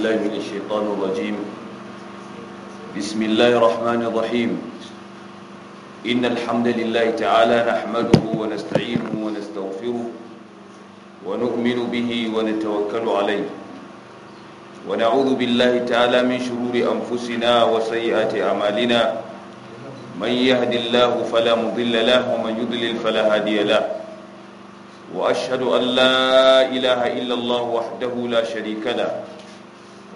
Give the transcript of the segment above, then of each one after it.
بالله من الشيطان الرجيم بسم الله الرحمن الرحيم إن الحمد لله تعالى نحمده ونستعينه ونستغفره ونؤمن به ونتوكل عليه ونعوذ بالله تعالى من شرور أنفسنا وسيئات أعمالنا من يهد الله فلا مضل له ومن يضلل فلا هادي له واشهد ان لا اله الا الله وحده لا شريك له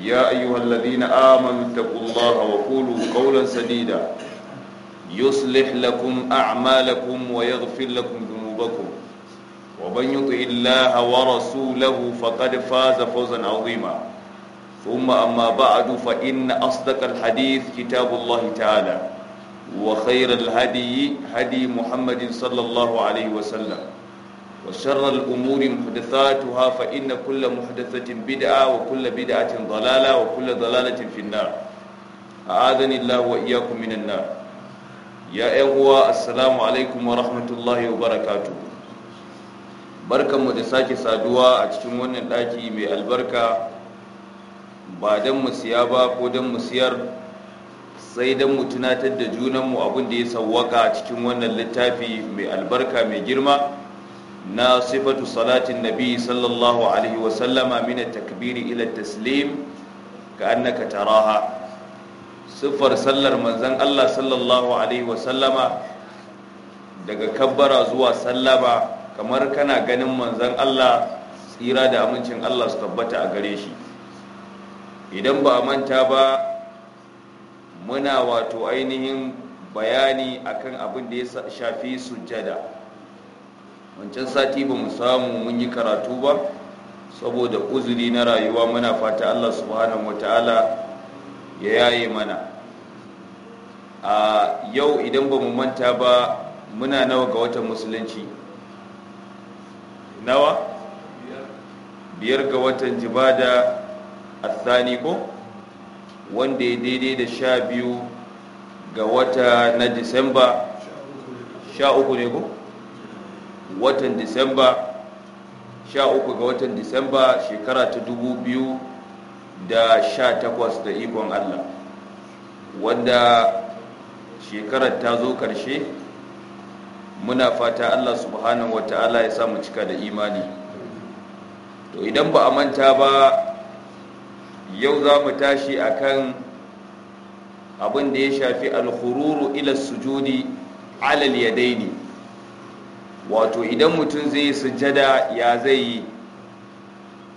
يا أيها الذين آمنوا اتقوا الله وقولوا قولا سديدا يصلح لكم أعمالكم ويغفر لكم ذنوبكم ومن يطع الله ورسوله فقد فاز فوزا عظيما ثم أما بعد فإن أصدق الحديث كتاب الله تعالى وخير الهدي هدي محمد صلى الله عليه وسلم وشر الأمور محدثاتها فإن كل محدثة بدعة وكل بدعة ضلالة وكل ضلالة في النار أعاذني الله وإياكم من النار يا إخوة السلام عليكم ورحمة الله وبركاته بركة مدساك سادوا أتشمون الآجي من البركة بعد مسيابا قد مسير sai don mu tunatar da junanmu abin da ya sauwaka cikin wannan littafi mai albarka mai girma na sifatu salatin nabi sallallahu alaihi wasallama min takbiri ila taslim ka taraha siffar sallar manzon Allah sallallahu alaihi wasallama daga kabbara zuwa sallama kamar kana ganin manzon Allah tsira da amincin Allah su tabbata a gare shi idan ba manta ba muna wato ainihin bayani akan abin da ya shafi sujjada wancan sati ba mu samu mun yi karatu ba saboda uzuri na rayuwa muna fata Allah subhanahu wataala ya yaye mana a yau idan ba mu manta ba muna nawa ga watan musulunci nawa biyar ga watan jibada tsani ko wanda ya daidai da sha biyu ga wata na disamba sha uku ne ko watan disamba 13 ga watan disamba shekara ta 2018 da ikon allah wanda shekarar ta zo karshe muna fata allah subhanahu wa ta'ala ya samu cika da imani to idan ba a manta ba yau za mu tashi akan abin da ya shafi alhururu ila sujudi alal yadaini wato idan mutum zai yi sujada ya zai yi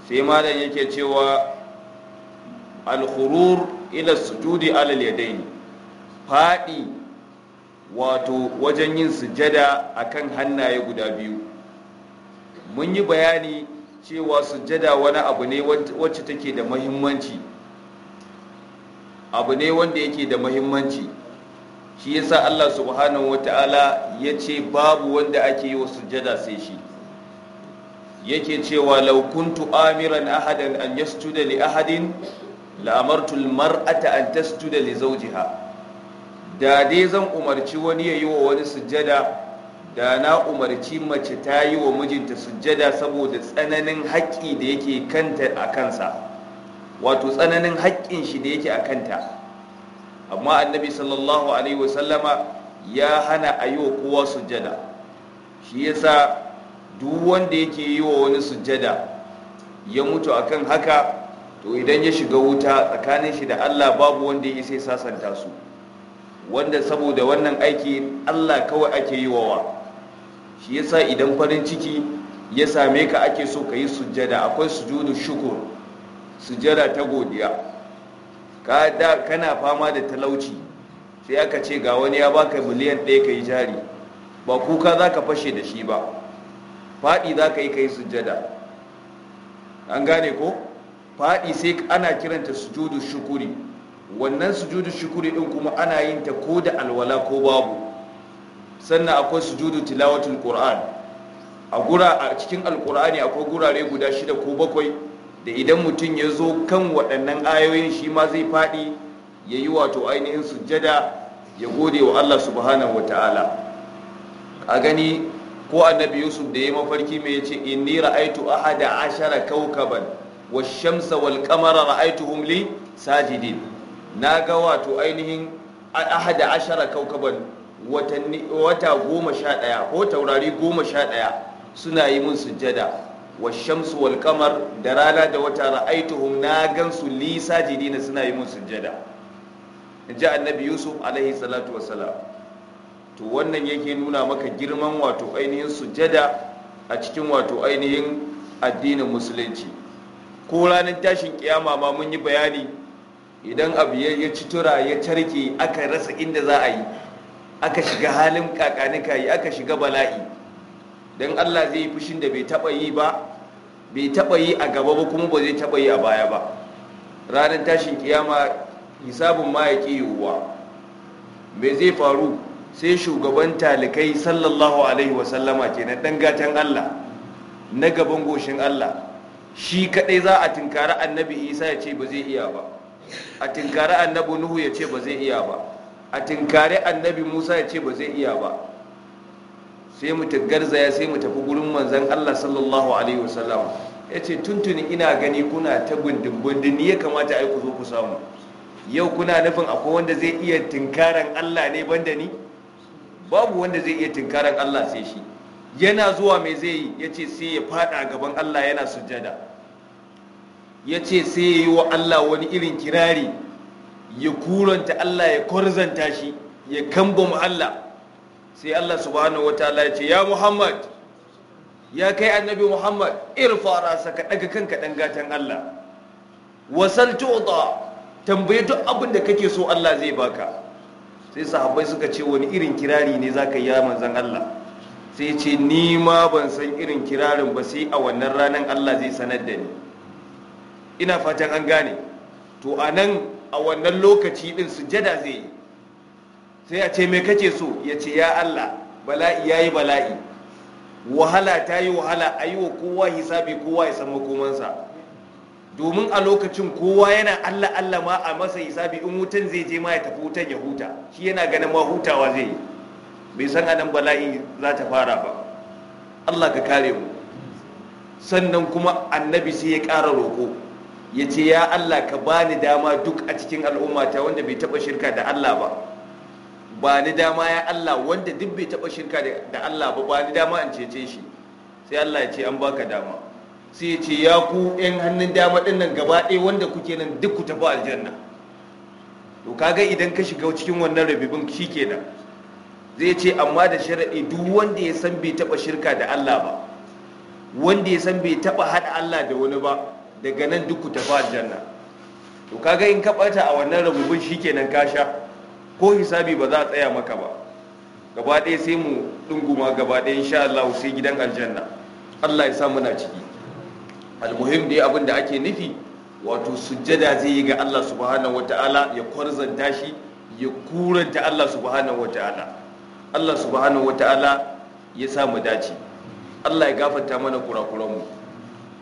sai malam yake cewa alkhurur ila sujudi alal yadaini fadi wato wajen yin sujjada akan hannaye guda biyu mun yi bayani cewa sujada wani abu ne wacce take da muhimmanci abu ne wanda yake da muhimmanci shi yasa Allah subhanahu wata'ala ya ce babu wanda ake yi wa sujjada sai shi yake cewa laukuntu amiran ahadan an yasjuda li ahadin la'amartul mar'ata an tasjuda li zaujiha. da dai zan umarci wani ya yi wa wani sujjada da na umarci mace ta yi wa mijinta sujjada saboda tsananin haƙƙi da yake kanta a kansa wato tsananin haƙƙin shi da yake a kanta amma annabi sallallahu alaihi wasallama ya hana a yi wa kowa sujada, shi yasa duk wanda yake yi wa wani sujada ya mutu akan haka to idan ya shiga wuta tsakanin shi da Allah babu wanda ya sai sasanta su wanda saboda wannan aiki Allah kawai ake yi wa shi yasa idan farin ciki ya same ka ake so ka yi sujada akwai sujudu shukur sujada ta godiya ka da kana fama da talauci sai aka ce ga wani ya baka miliyan ɗaya ka yi jari ba kuka za ka fashe da shi ba faɗi za ka yi ka yi sujjada an gane ko faɗi sai ana kiranta sujudu shukuri wannan sujudu shukuri ɗin kuma ana yin ta ko da alwala ko babu sannan akwai sujudu tilawatul qur'an a cikin alqur'ani akwai gurare guda shida ko bakwai da idan mutum ya zo kan waɗannan ayoyin shi ma zai faɗi ya yi wato ainihin sujjada ya gode wa Allah subhanahu wa ta'ala a gani ko annabi yusuf da ya mafarki mai ya ce inni ra'aitu ahada ashara kaukaban wa shamsa wal kamara ra'aitu humli sajidin na ga wato ainihin ahada ashara kaukaban wata goma sha ɗaya ko taurari goma sha ɗaya suna yi mun sujjada والشمس والقمر درانا دوتا رأيتهم ناغن suna ساجدين سنا يمون سجدا annabi Yusuf يوسف salatu wa والسلام to wannan yake nuna maka girman wato ainihin sujada a cikin wato ainihin addinin musulunci ko ranar tashin kiyama ma mun yi bayani idan abu ya ci tura ya carke aka rasa inda za a yi aka shiga halin kakanika yi aka shiga bala'i don allah zai yi fushin da bai taba yi ba bai taba yi a gaba ba kuma ba zai taba yi a baya ba ranar tashin kiyama hisabin ma ya ki yiwuwa me zai faru sai shugaban talikai sallallahu alaihi wasallama ke na dangatan allah na gaban goshin allah shi kadai za a tinkari annabi isa ya ce ba zai iya ba a tinkari annabi nuhu ya ce ba zai iya ba a tinkari annabi musa ya ce ba zai iya ba sai mu garzaya sai mu tafi gurin manzan Allah sallallahu alaihi wasallam yace tuntuni ina gani kuna ta gundun-gundun ni ya kamata ai ku zo ku samu yau kuna nufin akwai wanda zai iya tinkaran Allah ne banda ni babu wanda zai iya tinkaran Allah sai shi yana zuwa mai zai yi yace sai ya fada gaban Allah yana ya yace sai ya yi wa Allah wani irin kirari ya kuranta Allah ya kwarzanta shi ya kamba mu Allah sai Allah subhanahu wataala ya ce ya Muhammad ya kai annabi Muhammad irfa rasa ka daga kanka dan gatan Allah wasal tu'ta tambaye duk abin da kake so Allah zai baka sai sahabbai suka ce wani irin kirari ne zaka yi ya manzon Allah sai ce ni ma ban san irin kirarin ba sai a wannan ranar Allah zai sanar da ni ina fatan an gane to anan a wannan lokaci din sujada zai yi sai "A ce mai kake so ya ce ya Allah bala'i ya yi bala'i wahala ta yi wahala a yi wa kowa hisabi kowa ya samu makomansa domin a lokacin kowa yana Allah Allah ma a masa hisabi in wutan zai je ma ya tafi wutan ya huta shi yana ganin ma hutawa zai yi bai san anan bala'i za ta fara ba Allah ka kare mu sannan kuma annabi sai ya ƙara roko. ya ce ya Allah ka bani dama duk a cikin al'ummata wanda bai taɓa shirka da Allah ba ba ni dama ya Allah wanda duk bai taɓa shirka da Allah ba ba ni dama in cece shi sai Allah ya ce an baka dama sai ya ce ya ku yan hannun dama ɗin nan gaba ɗaya wanda kuke nan duk ku tafi aljanna to kaga idan ka shiga cikin wannan rabibin shi kenan zai ce amma da sharaɗi duk wanda ya san bai taɓa shirka da Allah ba wanda ya san bai taɓa haɗa Allah da wani ba daga nan duk ku tafi aljanna to kaga in ka ɓata a wannan rabibin shi kenan ka sha ko hisabi ba za a tsaya maka ba gaba ɗaya sai mu ɗunguma gaba ɗaya insha Allah sai gidan aljanna Allah ya sa muna ciki almuhim dai abin da ake nufi wato sujjada zai yi ga Allah subhanahu wataala ya kwarzanta shi ya kuranta Allah subhanahu wataala Allah subhanahu wataala ya sa mu dace Allah ya gafarta mana kurakuranmu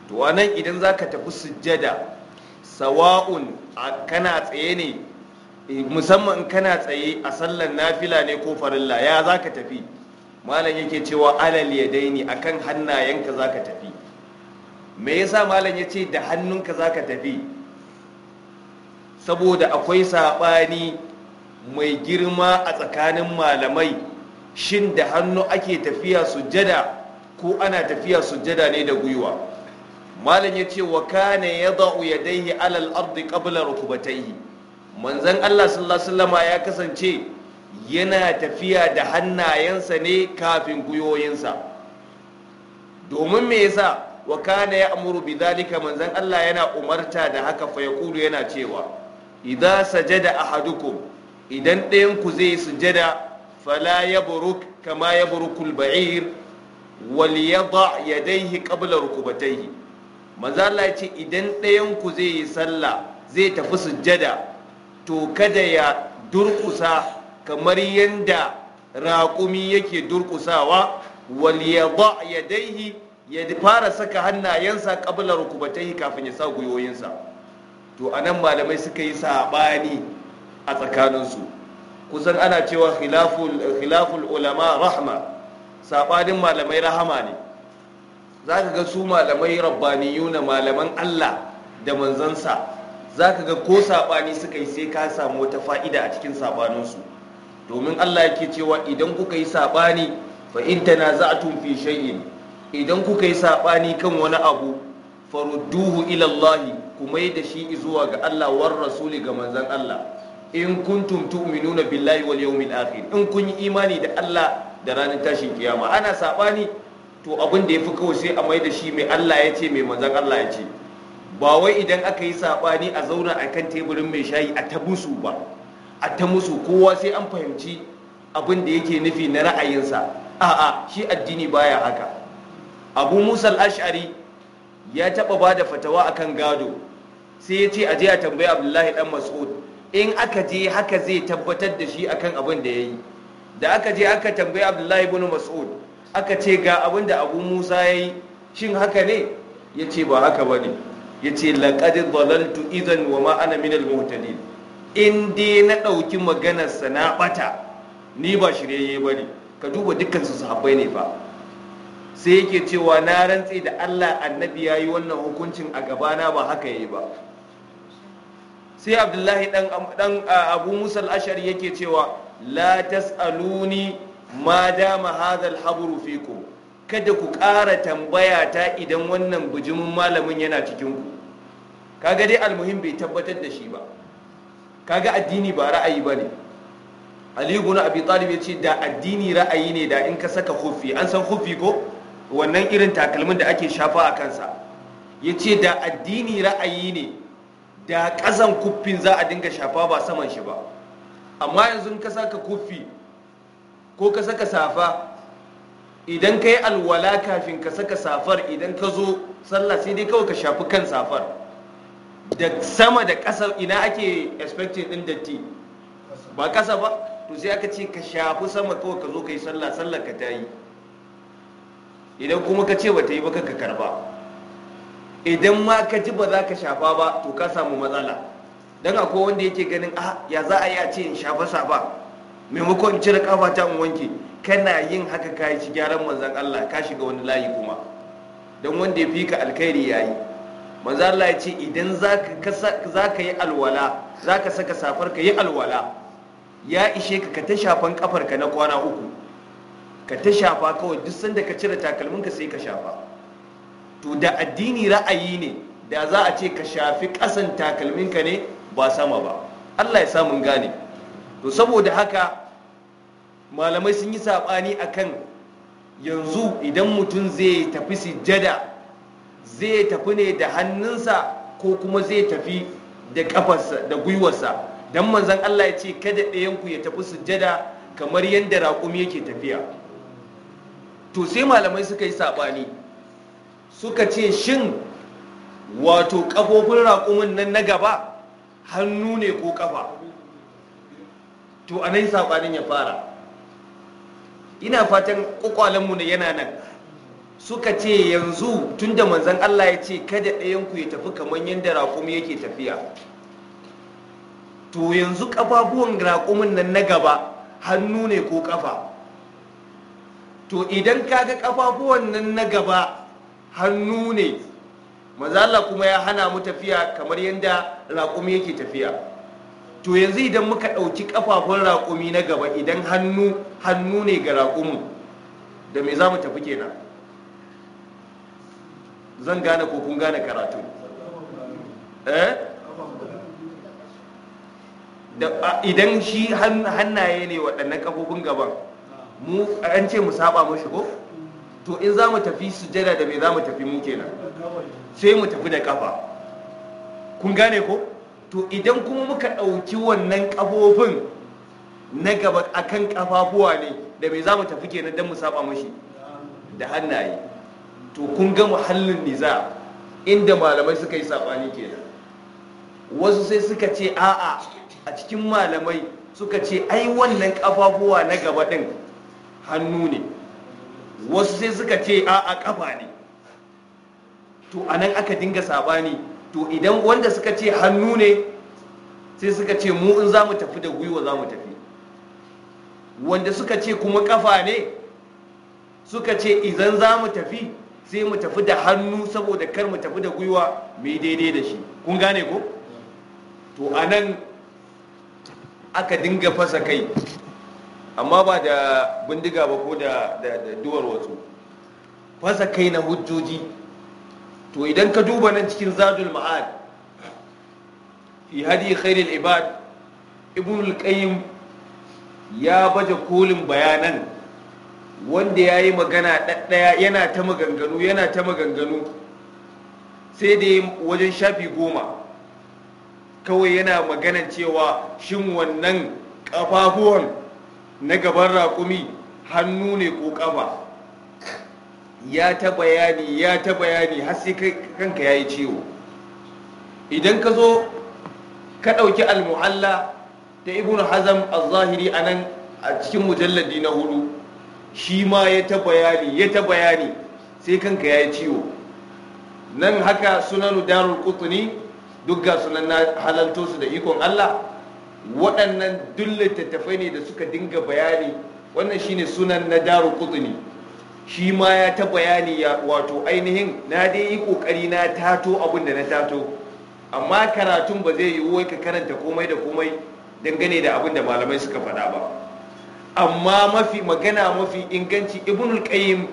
to anan idan zaka tafi sujjada sawa'un kana tsaye ne Eh, musamman in kana tsaye a sallar nafila ne ko farilla ya za ka tafi malam yake cewa alal ya daini a kan hannayenka za ka tafi me yasa malam ya ce da hannunka za ka tafi saboda akwai saɓani mai girma a tsakanin malamai shin da hannu ake tafiya sujada ko ana tafiya sujada ne da gwiwa malam ya ce wa kane ya za'u ya daihi alal ardi qabla rukubatayhi manzan Allah sallallahu ya kasance yana tafiya da hannayensa ne kafin guyoyinsa domin me yasa wa kana bi zalika manzan Allah yana umarta da haka fa yaqulu yana cewa idza sajada ahadukum idan ɗayan ku zai sujada fala ya buruk kama burukul ba'ir wal yada yadayhi qabla rukubatayhi manzan Allah ya ce idan ɗayan ku zai yi sallah zai tafi sujada to kada ya durƙusa kamar yadda raƙumi yake durƙusawa wal yada yadaihi ya fara saka hannayensa qabla rukubatai kafin ya sa guyoyinsa to anan malamai suka yi sabani a tsakaninsu kusan ana cewa khilaful ulama rahma sabanin malamai rahama ne zaka ga su malamai na malaman Allah da manzansa za ka ga ko saɓani suka yi sai ka samu wata fa'ida a cikin saɓaninsu domin allah yake cewa idan kuka yi saɓani fa in tana za a tumfi shay'in idan kuka yi saɓani kan wani abu farudduhu ilallahi kuma yi da shi zuwa ga allah war rasuli ga manzan allah in kuntum tu'minuna billahi wal yawmil akhir in kun yi imani da allah da ranar tashin kiyama ana saɓani to abin da ya fi kawai sai a mai da shi mai allah ya ce mai manzan allah ya ce ba wai idan aka yi saɓani a zauna a kan teburin mai shayi a ta musu ba a ta musu kowa sai an fahimci abin da yake nufi na ra'ayinsa a'a shi addini baya haka abu musa al'ashari ya taba ba da fatawa akan gado sai ya ce a je a tambayi abdullahi dan mas'ud in aka je haka zai tabbatar da shi akan abin da ya yi da aka je aka tambayi abdullahi ibn mas'ud aka ce ga abin da abu musa ya yi shin haka ne ya ce ba haka ba ne yace laqad dalaltu idan wa ma ana minal in dai na ɗauki maganarsa na ɓata, ni ba shiryayye bane ka duba dukkansu su sahabbai ne fa sai yake cewa na rantse da Allah annabi yayi wannan hukuncin a gabana ba haka yayi ba sai abdullahi ɗan abu musa Ashar yake cewa la tas'aluni ma dama hadha al-habru fikum kada ku ƙara tambaya ta idan wannan bijimin malamin yana cikin ku kaga dai almuhim bai tabbatar da shi ba kaga addini ba ra'ayi ba ne aliyu na abi talib ya ce da addini ra'ayi ne da in ka saka hufi an san hufi ko wannan irin takalmin da ake shafa a kansa ya ce da addini ra'ayi ne da ƙasan kuffin za a dinga shafa ba saman shi ba amma yanzu ka saka kuffi ko ka saka safa idan ka yi alwala kafin ka saka safar idan ka zo sallah sai dai kawai ka shafi kan safar da sama da ƙasa ina ake expecting ɗin datti ba ƙasa ba to sai aka ce ka shafi sama kawai ka zo ka yi sallah sallah ka ta yi idan kuma ka ce ba ta yi ba ka karba idan ma ka ji ba za ka shafa ba to ka samu matsala don akwai wanda yake ganin a ah, ya za a yi a ce in shafa safa maimakon cire kafa ta in wanke kana yin haka kayi ci gyaran manzan Allah ka shiga wani layi kuma Don wanda ya fi ka alkhairi yi. Maza Allah ya ce idan za ka yi alwala za ka saka safar ka yi alwala ya ishe ka ka ta shafan kafar ka na kwana uku ka ta shafa kawai duk sanda ka cire takalmin ka sai ka shafa to da addini ra'ayi ne da za a ce ka shafi kasan takalmin ka ne ba sama ba Allah ya samun gane to saboda haka malamai sun yi saɓani akan yanzu idan mutum zai tafi sijjada zai tafi ne da hannunsa ko kuma zai tafi da kafarsa da gwiwarsa don manzan Allah ya ce kada ɗayanku ya tafi sujjada kamar yadda raƙumi yake tafiya to sai malamai suka yi saɓani suka ce shin wato ƙafofin raƙumin nan na gaba hannu ne ko ƙafa to a nan sabanin ya fara ina fatan kwakwalenmu da yana nan suka ce yanzu tun da manzan Allah ya ce kada ɗayanku ya tafi kamar yadda raƙumi yake tafiya to yanzu ƙafafuwan raƙumin nan na gaba hannu ne ko ƙafa to idan ka ga ƙafafuwan nan na gaba hannu ne mazala kuma ya hana mu tafiya kamar yadda raƙumi yake tafiya to yanzu idan muka ɗauki ƙafafun raƙumi na gaba idan hannu hannu ne ga raƙumi da me za mu tafi kenan zan gane ko kun gane karatu eh? idan shi hannaye ne waɗannan ƙafofin gaban mu an ce mu saba mashi ko to in za mu tafi sujada da me za mu tafi mu kenan sai mu tafi da ƙafa. kun gane ko to idan kuma muka ɗauki wannan ƙafofin na gaba akan ƙafafuwa ne da mai za mu tafi kenan don mu saba mashi da hannaye to kun ga muhallin niza inda malamai suka yi saɓani kenan wasu sai suka ce a'a a cikin malamai suka ce ai wannan ƙafafuwa na gaba ɗin hannu ne wasu sai suka ce a'a ƙafa ne to anan aka dinga saɓani to idan wanda suka ce hannu ne sai suka ce mu in za mu tafi da gwiwa za mu tafi wanda suka ce kuma kafa ne suka ce idan za mu tafi sai mu tafi da hannu saboda kar mu tafi da gwiwa mai daidai da shi kun gane ko to a nan aka dinga fasa kai amma ba da bindiga ba ko da duwar wasu fasa kai na hujjoji to idan ka duba nan cikin zadul ma'ad fi hadi khairul ibad ibnu al-qayyim ya baje kolin bayanan wanda ya yi magana ɗaɗɗaya yana ta maganganu yana ta maganganu sai da yi wajen shafi goma kawai yana magana cewa shin wannan ƙafafuwan na gaban raƙumi hannu ne ko ƙafa ya ta bayani ya ta bayani har sai kanka ya yi ciwo idan ka zo ka ɗauki almuhalla ta ibn hazam al-zahiri a nan a cikin mujalladi na hudu shi ma ya ta bayani ya ta bayani sai kanka ya yi ciwo nan haka sunanu darul kutuni duk ga sunan na halalto su da ikon allah waɗannan dullata tafai ne da suka dinga bayani wannan shine sunan na darul kutuni shi ma ya ta bayani ya wato ainihin na dai yi kokari na tato abin da na tato amma karatun ba zai yiwu ka karanta komai da komai dangane da abin da malamai suka faɗa ba amma mafi magana mafi inganci Ibn qayyim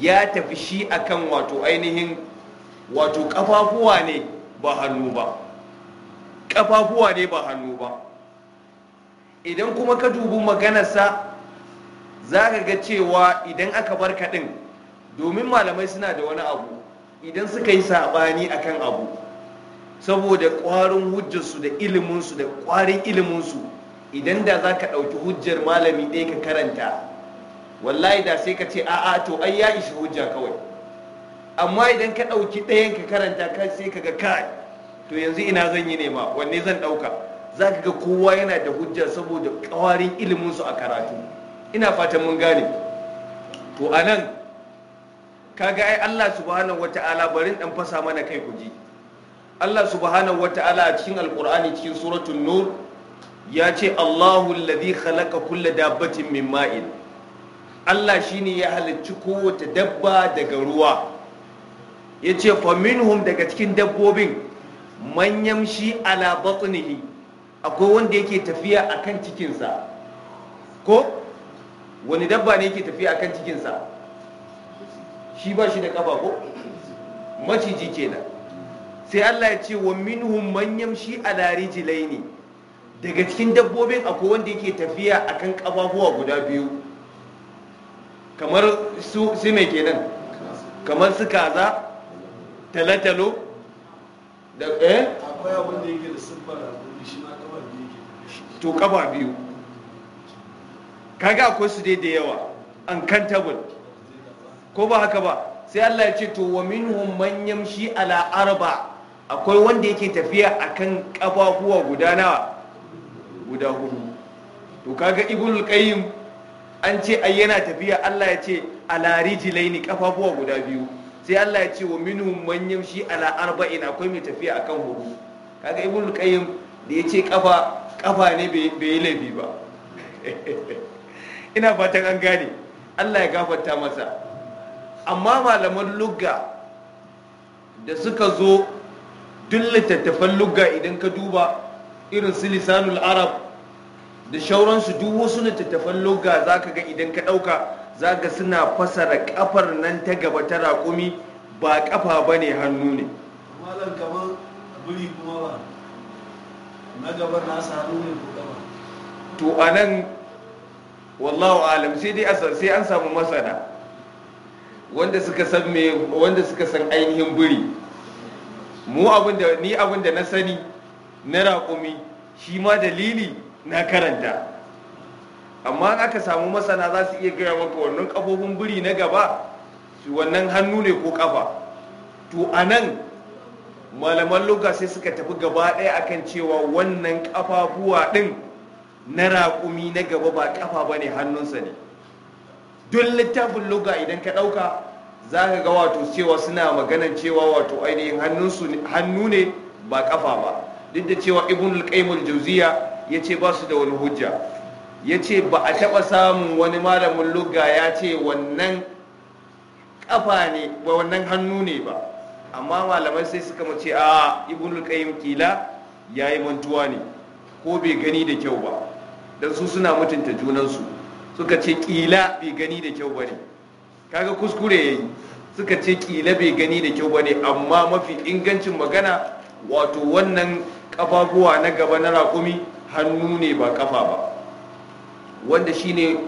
ya tafi shi akan wato ainihin wato kafafuwa ne ba hannu ba kafafuwa ne ba hannu ba idan kuma ka dubi maganarsa za ka ga cewa idan aka bar kaɗin domin malamai suna da wani abu idan suka yi saɓani a kan abu saboda ƙwarin hujjarsu da iliminsu da ƙwarin iliminsu idan da za ka ɗauki hujjar malami ɗaya ka karanta wallahi da sai ka ce a'a to ai ya ishi hujja kawai amma idan ka ɗauki ɗayan ka karanta ka sai ka ga kai to yanzu ina zan yi nema wanne zan ɗauka za ka ga kowa yana da hujja saboda ƙwarin iliminsu a karatu ina fatan mun gane to anan kaga ai Allah subhanahu wata'ala barin dan fasa mana kai kuji Allah subhanahu wata'ala a cikin alqur'ani cikin suratul nur ya ce Allahu alladhi khalaqa kulla dabbatin min ma'in Allah shine ya halicci kowace dabba daga ruwa yace fa minhum daga cikin dabbobin man yamshi ala batnihi akwai wanda yake tafiya akan cikinsa ko wani dabba ne yake tafiya akan cikinsa shi ba shi da kafa ko maciji kenan sai Allah ya ce wa minhum man yamshi ala rijlaini daga cikin dabbobin akwai wanda yake tafiya akan kafafuwa guda biyu kamar su su me kenan kamar su kaza talatalo da eh akwai abin da yake da siffa da shi biyu to kafa biyu kaga akwai su dai da yawa uncountable ko ba haka ba sai Allah ya ce to wa minhum man yamshi ala arba akwai wanda yake tafiya akan kafafuwa guda nawa guda hudu to kaga ibnul qayyim an ce ai yana tafiya Allah ya ce ala rijlaini kafafuwa guda biyu sai Allah ya ce wa minhum man yamshi ala arba'in akwai mai tafiya akan hudu kaga ibnul qayyim da ya ce kafa kafa ne bai yi laifi ba ina fatan an gane allah ya gafarta masa amma malaman lugga da suka zo duk littattafan lugga idan ka duba irin su lisanul arab da shauransu duk wasu littattafan lugga za ka ga idan ka ɗauka za ka suna fasara kafar nan ta gaba ta raƙumi ba kafa ba ne hannu ne buri kuma ba na hannu ko to a nan wallahu alam sai dai asar sai an samu masana wanda suka san me wanda suka san ainihin buri mu da ni da na sani na raƙumi shi ma dalili na karanta amma aka samu masana za su iya gaya maka wannan kafofin buri na gaba su wannan hannu ne ko kafa to a nan malaman loga sai suka tafi gaba ɗaya akan cewa wannan kafafuwa ɗin na raƙumi na gaba ba ƙafa ba ne hannunsa ne Don littafin luga idan ka ɗauka za ka ga wato cewa suna maganan cewa wato ainihin hannunsu hannu ne ba ƙafa ba duk da cewa ibn al-qaimul jauziya ya ce ba su da wani hujja ya ce ba a taɓa samun wani malamin luga ya ce wannan ƙafa ne ba wannan hannu ne ba amma malamai sai suka mace a ibn al-qaim kila yayi mantuwa ne ko bai gani da kyau ba dan su suna mutunta junansu suka ce kila bai gani da kyau bane kaga kuskure yayi suka ce kila bai gani da kyau bane amma mafi ingancin magana wato wannan kafafuwa na gaba na rakumi hannu ne ba kafa ba wanda shine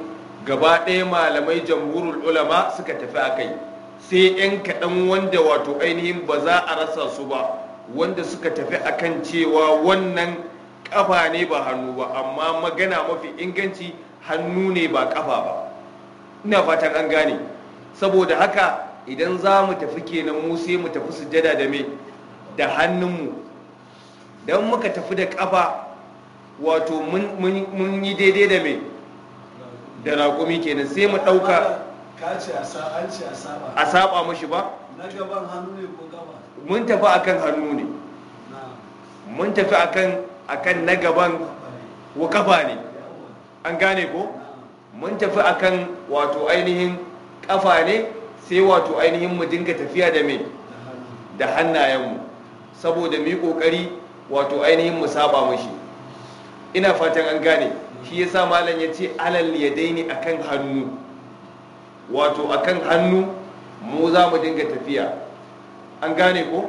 gaba ɗaya malamai jamhurul ulama suka tafi a kai sai 'yan kaɗan wanda wato ainihin ba za a rasa su ba wanda suka tafi akan cewa wannan kafa ne ba hannu ba amma magana mafi inganci hannu ne ba kafa ba ina fatan an gane saboda haka idan za mu tafi kenan mu sai mu tafi sujada da me da hannunmu don muka tafi da kafa wato mun yi daidai da me da raƙumi kenan sai mu ɗauka a saba mashi ba mun tafi akan hannu ne mun tafi akan akan na gaban wakafa ne an gane ko mun tafi akan wato ainihin kafa ne sai wato ainihin mu dinga tafiya da me da hannayenmu saboda mu yi kokari wato ainihin mu saba mashi ina fatan an gane shi yasa malam ya ce alal ya daini akan hannu wato akan hannu mu za mu dinga tafiya an gane ko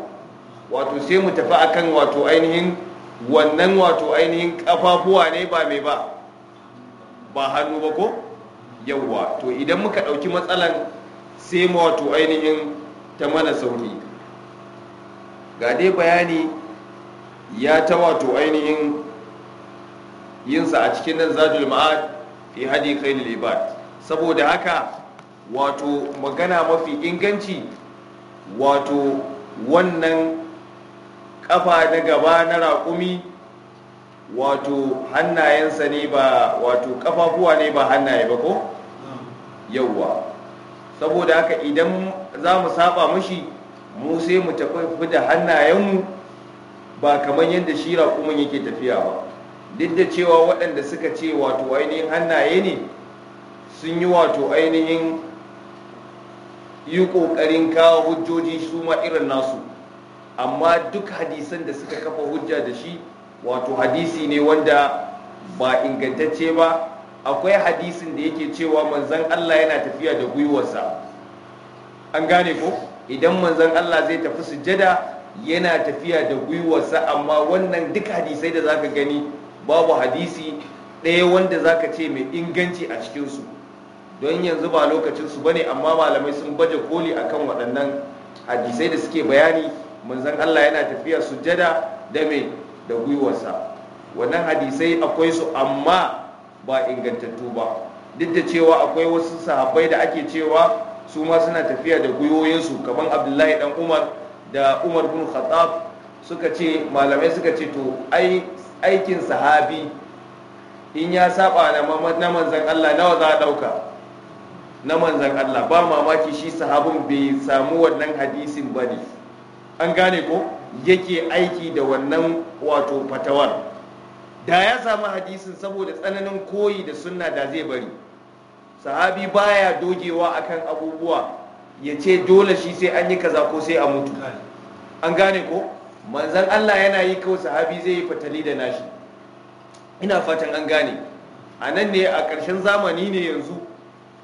wato sai mu tafi akan wato ainihin wannan wato ainihin kafafuwa ne ba mai ba ba hannu ba ko yawwa to idan muka ɗauki matsalan sai mu wato ainihin ta mana sauri ga dai bayani ya ta wato ainihin yinsa a cikin nan zajul ma'ad fi hadi kai ibad saboda haka wato magana mafi inganci wato wannan kafa na gaba na raƙumi wato hannayensa ne ba wato kafafuwa ne ba hannaye ba ko yauwa saboda haka idan za mu saba mashi mu sai mu tafi da hannayenmu ba kamar yadda shi raƙumin yake tafiya ba duk da cewa waɗanda suka ce wato ainihin hannaye ne sun yi wato ainihin yi ƙoƙarin kawo hujjoji su ma irin nasu amma duk hadisan da suka kafa hujja da shi wato hadisi ne wanda ba ingantacce ba akwai hadisin da yake cewa manzan Allah yana tafiya da gwiwarsa an gane ko idan manzan Allah zai tafi sujada yana tafiya da gwiwarsa amma wannan duk hadisai da zaka gani babu hadisi ɗaya wanda zaka ce mai inganci a cikinsu don yanzu ba lokacinsu ba ne amma malamai sun baje koli akan waɗannan hadisai da suke bayani manzan Allah yana tafiya sujjada da me da gwiwarsa wannan hadisai akwai su amma ba ingantattu ba duk da cewa akwai wasu sahabbai da ake cewa su ma suna tafiya da gwiwoyinsu kamar abdullahi dan umar da umar bin khattab suka ce malamai suka ce to ai aikin sahabi in ya saba na manzan Allah nawa za a dauka na manzan Allah ba mamaki shi sahabin bai samu wannan hadisin ba ne an gane ko yake aiki da wannan wato fatawar da ya samu hadisin saboda tsananin koyi da sunna da zai bari sahabi baya dogewa akan abubuwa ya ce dole shi sai an yi kaza ko sai a mutu an gane ko manzan allah yana yi kawai sahabi zai yi fatali da nashi ina fatan an gane a nan ne a ƙarshen zamani ne yanzu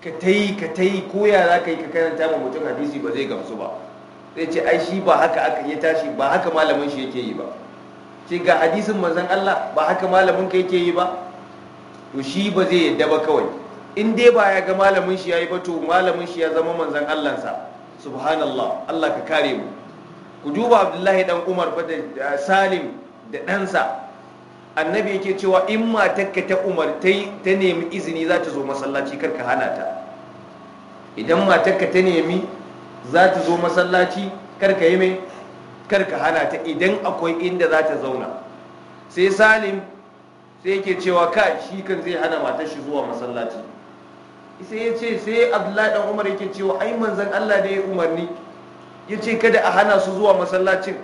ka ta yi ka ta yi koya za ka yi ka karanta ma mutum hadisi ba zai gamsu ba zai ce ai shi ba haka aka yi tashi ba haka malamin shi yake yi ba shi ga hadisin manzan Allah ba haka malamin ka yake yi ba to shi ba zai yadda ba kawai in dai ba ya ga malamin shi yayi ba to malamin shi ya zama manzan Allah sa subhanallah Allah ka kare mu ku duba Abdullahi dan Umar fa da Salim da ɗansa annabi yake cewa in matarka ta umartai ta nemi izini za ta zo masallaci kar ka hana ta idan matarka ta nemi za ta zo masallaci karka yi mai karka hana ta idan akwai inda za ta zauna sai salim sai yake cewa ka shi kan zai hana matar shi zuwa masallaci sai ya ce sai abdullahi dan umar yake cewa ai manzan allah da ya umarni ya ce kada a hana su zuwa masallacin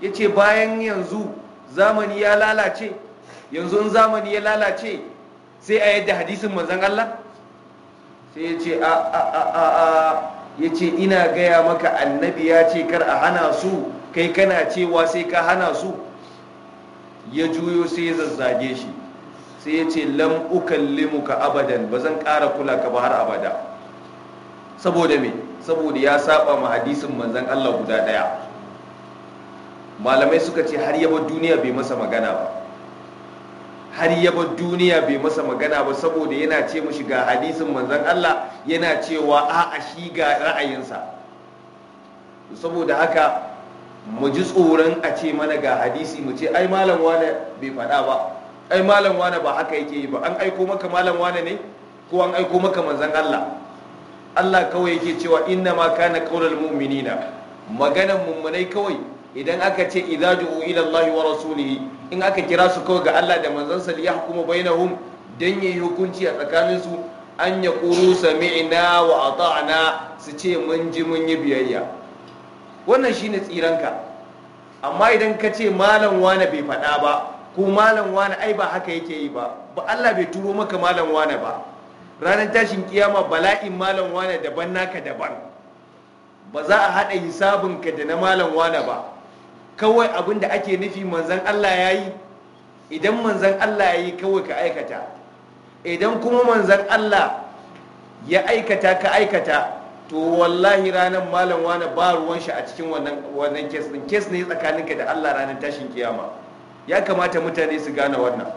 ya ce bayan yanzu zamani ya lalace yanzu in zamani ya lalace sai a yadda hadisin manzan allah sai ya ce a a a a ya ce ina gaya maka annabi ya ce kar a hana su kai kana cewa sai ka hana su ya juyo sai ya zazzage shi sai ya ce Limu ka abadan ba zan ƙara kula ka ba har abada saboda me saboda ya saba ma hadisin manzon Allah guda daya malamai suka ce har yaba duniya bai masa magana ba har ya bar duniya bai masa magana ba saboda yana ce mushi ga hadisin manzan Allah yana cewa a'a shi ga ra'ayinsa saboda haka mu ji tsoron a ce mana ga hadisi mu ce ai malam wane bai faɗa ba ai malam wane ba haka yake yi ba an aiko maka malam wane ne ko an aiko maka manzan Allah Allah kawai yake cewa inna ma kana qaulul mu'minina maganan mummunai kawai idan aka ce idza ju'u ila Allah wa rasulihi in aka kira su kawai ga Allah da sa li yahkumu bainahum dan yi hukunci a tsakanin su an quru sami'na wa ata'na su ce mun ji mun yi biyayya wannan shine ka amma idan ka ce malam wani bai faɗa ba ko malam wani ai ba haka yake yi ba ba Allah bai turo maka malam wani ba ranar tashin kiyama bala'in malam wani daban naka daban ba za a haɗa hisabinka da na malam wani ba kawai abin da ake nufi manzan Allah ya yi idan manzan Allah ya yi kawai ka aikata idan kuma manzan Allah ya aikata ka aikata to wallahi ranar malam wani ba ruwan shi a cikin wannan kes din kes ne tsakaninka da Allah ranar tashin kiyama ya kamata mutane su gane wannan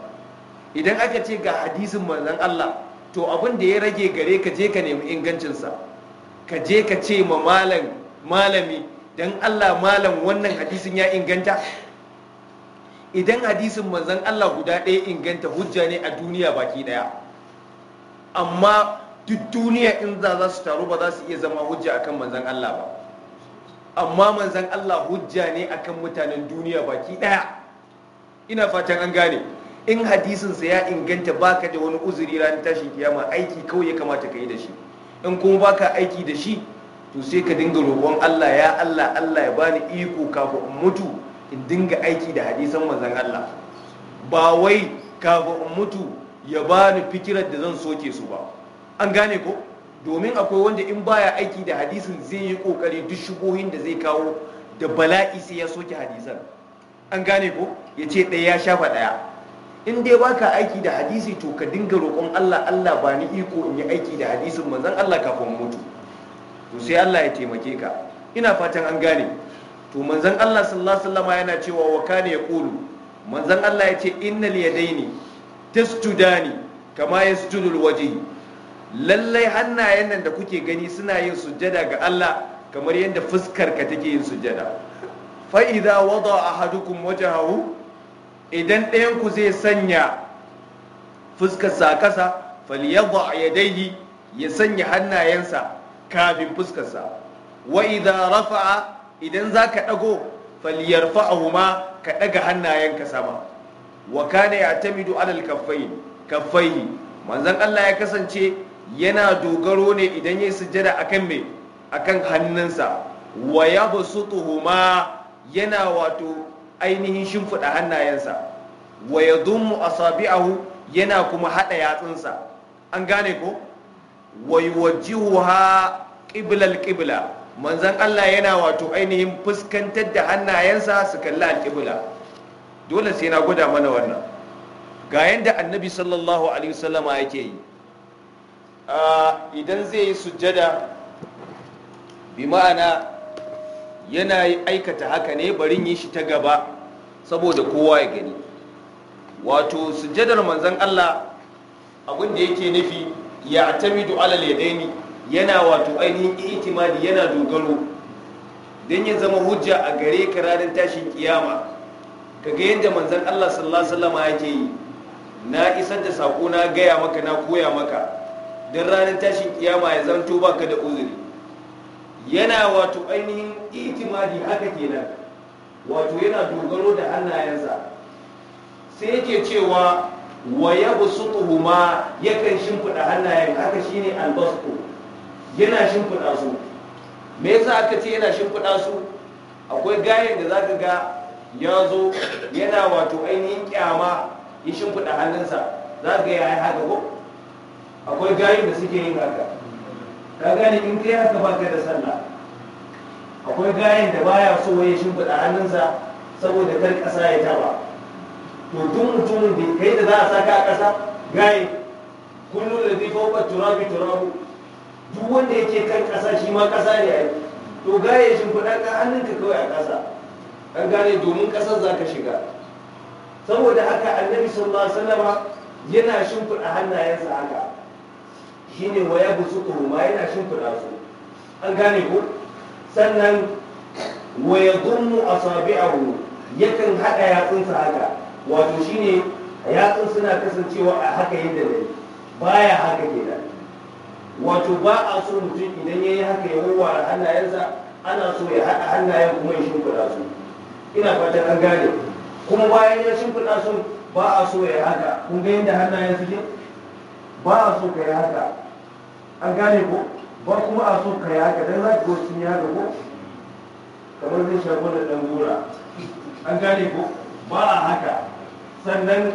idan aka ce ga hadisin manzan Allah to abin da ya rage gare ka je ka nemi ingancinsa ka je ka ce ma malami Dan allah malam wannan hadisin ya inganta idan hadisin manzan allah guda ɗaya inganta hujja ne a duniya baki ɗaya amma duk duniya in za za su taru ba za su iya zama hujja akan manzan allah ba amma manzan allah hujja ne akan mutanen duniya baki ɗaya ina fatan an gane in hadisinsa ya inganta baka da wani uzuri ranar tashi kiyama aiki kawai ya kamata ka yi da shi in kuma baka aiki da shi to sai ka dinga roƙon Allah ya Allah Allah ya bani iko kafin mutu in dinga aiki da hadisan manzon Allah ba wai kafin in mutu ya bani fikirar da zan soke su ba an gane ko domin akwai wanda in baya aiki da hadisin zai yi kokari duk shubohin da zai kawo da bala'i sai ya soke hadisan an gane ko ya ce ɗaya ya shafa ɗaya in dai baka aiki da hadisi to ka dinga roƙon Allah Allah bani iko in yi aiki da hadisin manzon Allah kafin mutu to sai Allah ya taimake ka ina fatan an gane to manzon Allah sallallahu alaihi wasallam yana cewa wa kana yaqulu manzon Allah ya ce innal yadaini tasjudani kama yasjudu waje. lallai hannayen nan da kuke gani suna yin sujjada ga Allah kamar yadda fuskar ka take yin sujjada fa idza wada ahadukum wajhahu idan ɗayan ku zai sanya fuskar sa kasa falyadha yadayhi ya sanya hannayensa kafin fuskarsa wa idza rafa'a idan za zaka dago fa'ahuma ka ɗaga hannayenka sama wa kana ya'tamidu 'ala al-kaffayn kaffaihi manzon Allah ya kasance yana dogaro ne idan yayi sujjada akan me akan hannunsa wa yabsutuhuma yana wato ainihin shimfida hannayensa wa a asabi'ahu yana kuma haɗa yatsunsa an gane ko wa yuwajjihuha qiblal ƙibila, manzon Allah yana wato ainihin fuskantar da hannayensa su kalli alƙibila. dole sai na gwada mana wannan ga yanda annabi sallallahu alaihi wasallama yake yi idan zai yi sujjada bi ma'ana yana aikata haka ne barin yi shi ta gaba saboda kowa ya gani wato sujjadar manzon Allah abin da yake nufi ya'tamidu alal ya yadaini yana wato ainihin itimadi yana dogaro don ya zama hujja a gare ka ranar tashin kiyama kaga yadda manzan Allah sallallahu alaihi wasallam yake yi na isar da sako na gaya maka na koya maka don ranar tashin kiyama ya zanto baka da uzuri yana wato ainihin itimadi haka kenan wato yana dogaro da hannayensa sai yake cewa wa ya ya yakan shimfida hannayen haka shine albasko? yana shimfiɗa su me yasa aka ce yana shimfiɗa su akwai gayen da za ka ga ya zo yana wato ainihin kyama ya shimfida hannunsa za ka ya yi haka ko akwai gayen da suke yin haka ka gane in kai haka ka da sallah akwai gayen da baya so ya shimfida hannunsa saboda kar ƙasa ya taba to tun mutumin da kai da za a saka a ƙasa gaye kullum da zai fauka turabi turabu duk wanda yake kan ƙasa shi ma ƙasa ne a yi to gaye shi kuɗa ka hannunka kawai a ƙasa an gane domin ƙasar za ka shiga saboda haka annabi sallallahu alaihi wasallama yana shimfiɗa hannayensa haka shine waya busuku ma yana shimfiɗa su an gane ko sannan waya gurmu asabi'ahu yakan haɗa yatsunsa haka wato shine yatsun suna kasancewa a haka yadda ba baya haka ke da. wato ba a so mutum idan ya yi haka ya a hannayensa ana so ya haɗa hannayen kuma ya shimfiɗa su ina fatan an gane kuma bayan ya shimfiɗa su ba a so ya haka kun ga yadda hannayen suke ba a so ka yi haka an gane ko ba kuma a so ka yi haka don za ki sun yi haka ko kamar zai shafi da ɗan gura an gane ko ba a haka sannan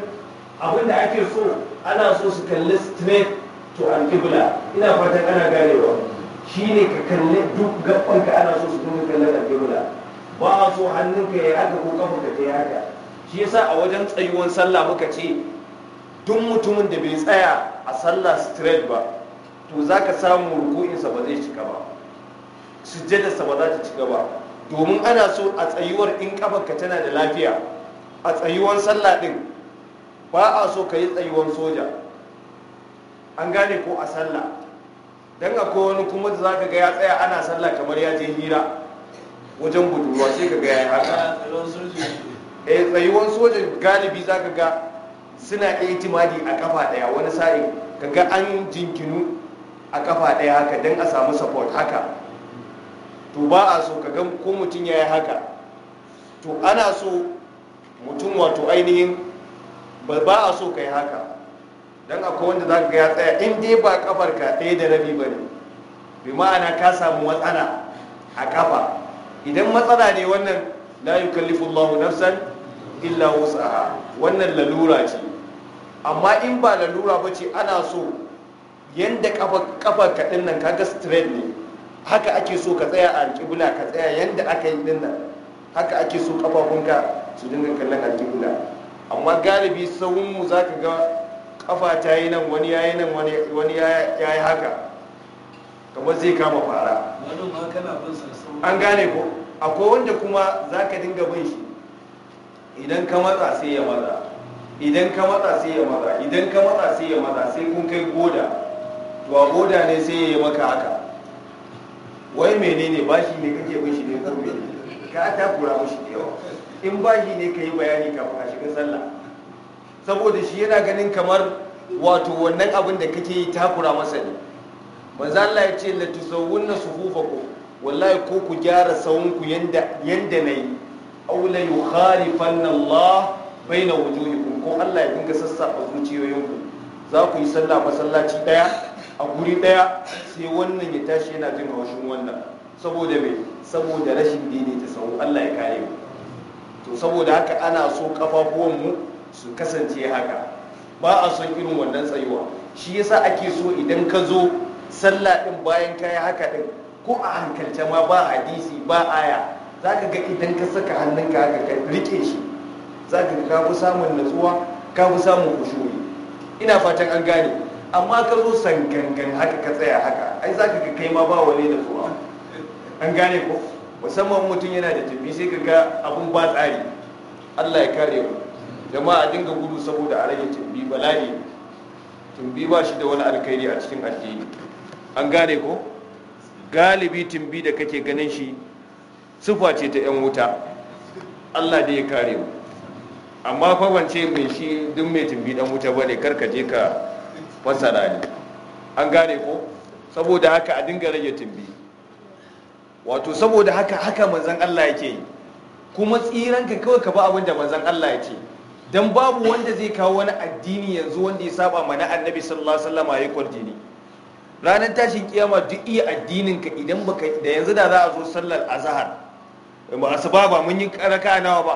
abin abinda ake so ana so su kalli straight to kibla ina fatan ana ganewa ne ka kalli duk ka ana so su kalli kallon kibla ba a so hannunka ya haka ko kafanka ta yi haka shi yasa a wajen tsayuwan sallah muka ce duk mutumin da bai tsaya a sallah straight ba to za ka samu ruku'insa ba zai cika ba sujjadarsa ba za ta cika ba domin ana so a tsayuwar in ka tana da lafiya a tsayuwan sallah din ba a so ka yi tsayuwan soja an gane ko a sallah don akwai wani kuma da za ka ga ya tsaya ana sallah kamar ya je hira wajen budurwa sai ka ga ya yi haka eh tsayuwan soja galibi za ka ga suna itimadi a kafa ɗaya wani sa'in ka ga an jinkinu a kafa ɗaya haka don a samu support haka to ba a so ka ga ko mutum ya yi haka to ana so mutum wato ainihin ba a so ka haka don akwai wanda za ka ya tsaya in dai ba kafar ka ɗaya da rabi ba ne bi ma'ana ka samu matsala a kafa idan matsala ne wannan la yukallifu Allahu nafsan illa wus'aha wannan lalura ce amma in ba lalura ba ce ana so yanda kafa ka ɗin nan kaga straight ne haka ake so ka tsaya a alƙibla ka tsaya yanda aka yi ɗin nan haka ake so kafafunka su dinga kallon alkibla amma galibi mu za ka ga kafa ta yi nan wani ya yi nan wani ya yi haka kamar zai kama fara an gane ko akwai wanda kuma za ka dinga bin shi idan ka matsa sai ya matsa idan ka matsa sai ya matsa idan ka matsa sai ya matsa sai kun kai goda to a goda ne sai ya yi maka haka wai menene bashi ne kake bin shi ne ko menene ka ta kura mushi da yawa in bashi ne ka yi bayani kafin a shiga sallah saboda shi yana ganin kamar wato wannan abin da kake yi kura masa ne manzo Allah ya ce la tusawwunna sufufakum wallahi ko ku gyara ku yanda yanda nayi aw la yukhalifanna Allah baina wujuhikum ko Allah ya dinga sassafa zuciyoyinku za ku yi sallah masallaci daya a guri daya sai wannan ya tashi yana jin haushin wannan saboda mai saboda rashin ta sahu Allah ya kare mu to saboda haka ana so kafafuwan mu su kasance haka ba a son irin wannan tsayuwa shi yasa ake so idan ka zo sallah din bayan kayi haka din ko a hankalce ma ba hadisi ba aya Za ka ga idan ka saka hannunka haka ka rike shi ka ga ka samun natsuwa ka fi samun kushuri ina fatan an gane amma ka zo sangangan haka ka tsaya haka ai zaka ga kai ma ba wani natsuwa an gane ko musamman mutum yana da tafi sai ka ga abin ba tsari allah ya kare mu jama'a dinga gudu saboda a rage tumbi ne tumbi ba shi da wani alkhairi a cikin addini an gane ko galibi tumbi da kake ganin shi sufa ce ta 'yan wuta allah da ya kare mu amma kwabance mai shi duk mai tumbi dan wuta bane je ka fasara ne an gane ko saboda haka a dinga rage tumbi wato saboda haka haka manzan Allah yake yi kuma tsiranka kawai ka ba abin da manzan Allah ya dan babu wanda zai kawo wani addini yanzu wanda ya saba mana annabi sallallahu alaihi wasallam ya kwardini ranar tashin kiyama duk iya addinin ka idan baka da yanzu da za a zo sallar azhar ba asuba ba mun yi raka nawa ba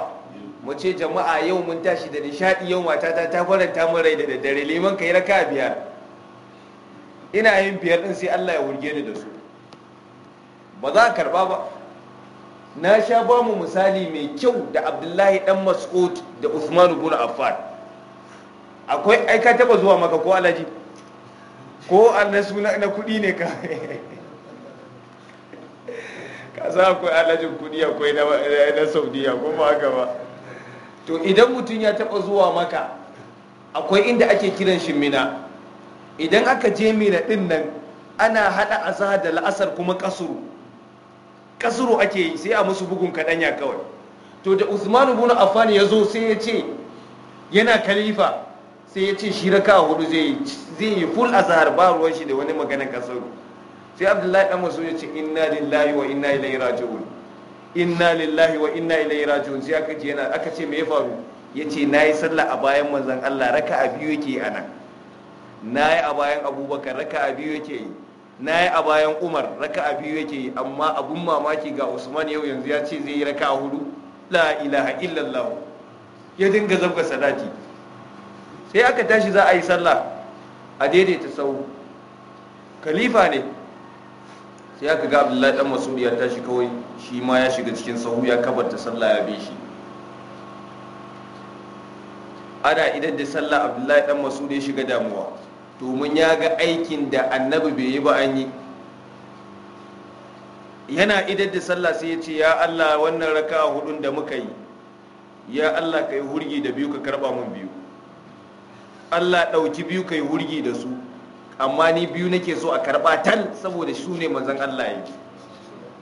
mu ce jama'a yau mun tashi da nishadi yau matata ta faranta min rai da daddare liman kai raka biyar ina yin biyar din sai Allah ya wurge ni da su ba za a karba ba na sha ba mu misali mai kyau da abdullahi dan mas'ud da usman ibn affan akwai ai ka taba zuwa maka ko alaji ko annasu na na kudi ne ka ka za akwai alajin kudi akwai na saudiya ko ba haka ba to idan mutum ya taba zuwa maka akwai inda ake kiran shi mina idan aka je mina din nan ana hada azhar da la'asar kuma kasuru kasuru ake yi sai a musu bugun kaɗanya kawai to da usman ibn affan ya zo sai ya ce yana khalifa sai ya ce shi raka hudu zai yi full azhar ba ruwan shi da wani magana kasuru sai abdullahi dan masu ya ce inna lillahi wa inna ilaihi raji'un inna lillahi wa inna ilaihi raji'un sai aka ce yana aka ce me ya faru yace nayi sallah a bayan manzon Allah raka'a biyu yake anan nayi a bayan Abubakar raka'a biyu yake yi na yi a bayan umar raka a biyu yake yi amma abun mamaki ga usman yau yanzu ya ce zai yi a hudu la ilaha illallah ya dinga zabga sadaki sai aka tashi za a yi sallah a daidaita sau khalifa ne sai aka ga abdullahi dan masudi ya tashi kawai shi ma ya shiga cikin sahu ya kabarta sallah ya bi shi ana idan da sallah abdullahi dan masudi ya shiga damuwa domin ya ga aikin da annabi bai yi ba an yi yana idar da sallah sai ya ce ya allah wannan raka hudun da muka yi ya allah ka yi hurgi da biyu ka karba mun biyu allah ɗauki biyu ka yi hurgi da su amma ni biyu nake so a karba tal saboda su ne manzan allah ya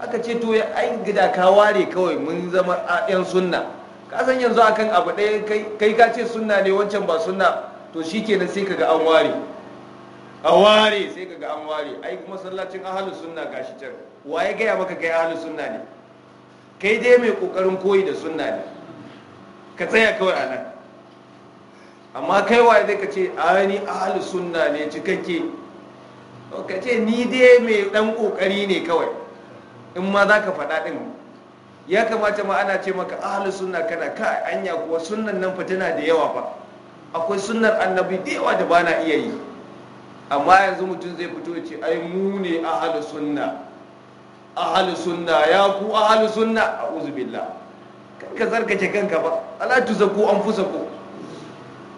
aka ce to ya ai gida ka ware kawai mun zama yan sunna ka san yanzu akan abu ɗaya kai ka ce sunna ne wancan ba sunna to shi shikenan sai ga an ware a ware sai kaga an ware ai kuma sallacin ahalus sunna gashi can waye gaya maka kai ahalus sunna ne kai dai mai kokarin koyi da sunna ne ka tsaya kawai a nan amma kai waye zai ka ce a ahalus sunna ne cikakke ka ce ni dai mai dan kokari ne kawai in ma za ka faɗa ɗin ya kamata ma ana ce maka ahalus sunna kana ka anya kuwa sunnan nan fa tana da yawa fa akwai sunnar annabi da yawa da bana iya yi amma yanzu mutum zai fito ce ai mu ne ahalu sunna ahalu sunna ya ku ahalu sunna a uzubillah ka zargace kanka ba ala tuzaku an fusaku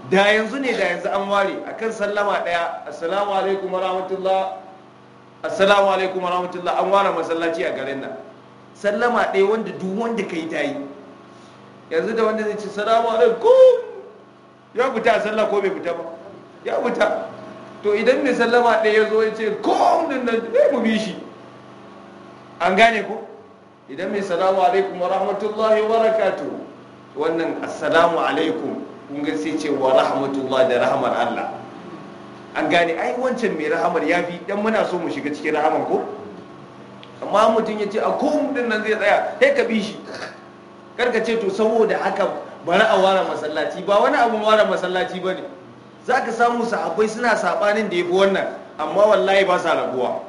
da yanzu ne da yanzu an ware akan sallama daya assalamu alaikum rahmatullah assalamu alaikum rahmatullah. an ware masallaci a garin nan sallama ɗaya wanda duk wanda ka yi ta yi yanzu da wanda zai ci salamu alaikum ya fita a sallah ko bai fita ba ya fita to idan mai sallama ɗaya ya zo ya ce kom din nan eh, mu bi shi an gane ko idan mai salamu alaikum wa rahmatullahi wa barakatuh wannan assalamu alaikum kun ga sai ce wa rahmatullah da rahmar Allah an gane ai wancan mai rahamar ya fi dan muna so mu shiga cikin rahaman ko amma mutum ya ce a ko din nan zai tsaya sai ka bi shi karka ce to saboda haka bari a ware masallaci ba wani abu ware masallaci ba ne za ka samu sahabbai suna sabanin da ya fi wannan amma wallahi ba sa rabuwa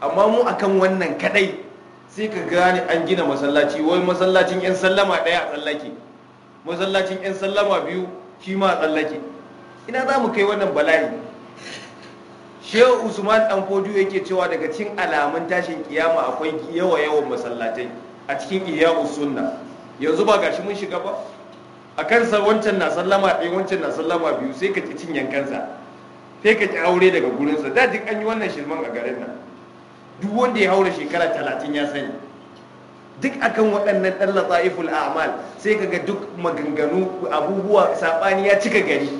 amma mu akan wannan kadai sai ka gane an gina masallaci wai masallacin yan sallama ɗaya a tsallake masallacin yan sallama biyu shi ma a tsallake ina za mu kai wannan bala'i shehu usman dan fodiyo yake cewa daga cikin alamun tashin kiyama akwai yawa yawan masallatai a cikin iyyaus sunna yanzu ba gashi mun shiga ba a kansa wancan na sallama ɗaya wancan na sallama biyu sai ka ci cinyan kansa sai ka ci aure daga gurinsa da duk an yi wannan shirman a garin nan duk wanda ya haura shekara talatin ya sani duk akan waɗannan ɗan latsa'iful a'mal sai kaga duk maganganu abubuwa saɓani ya cika gari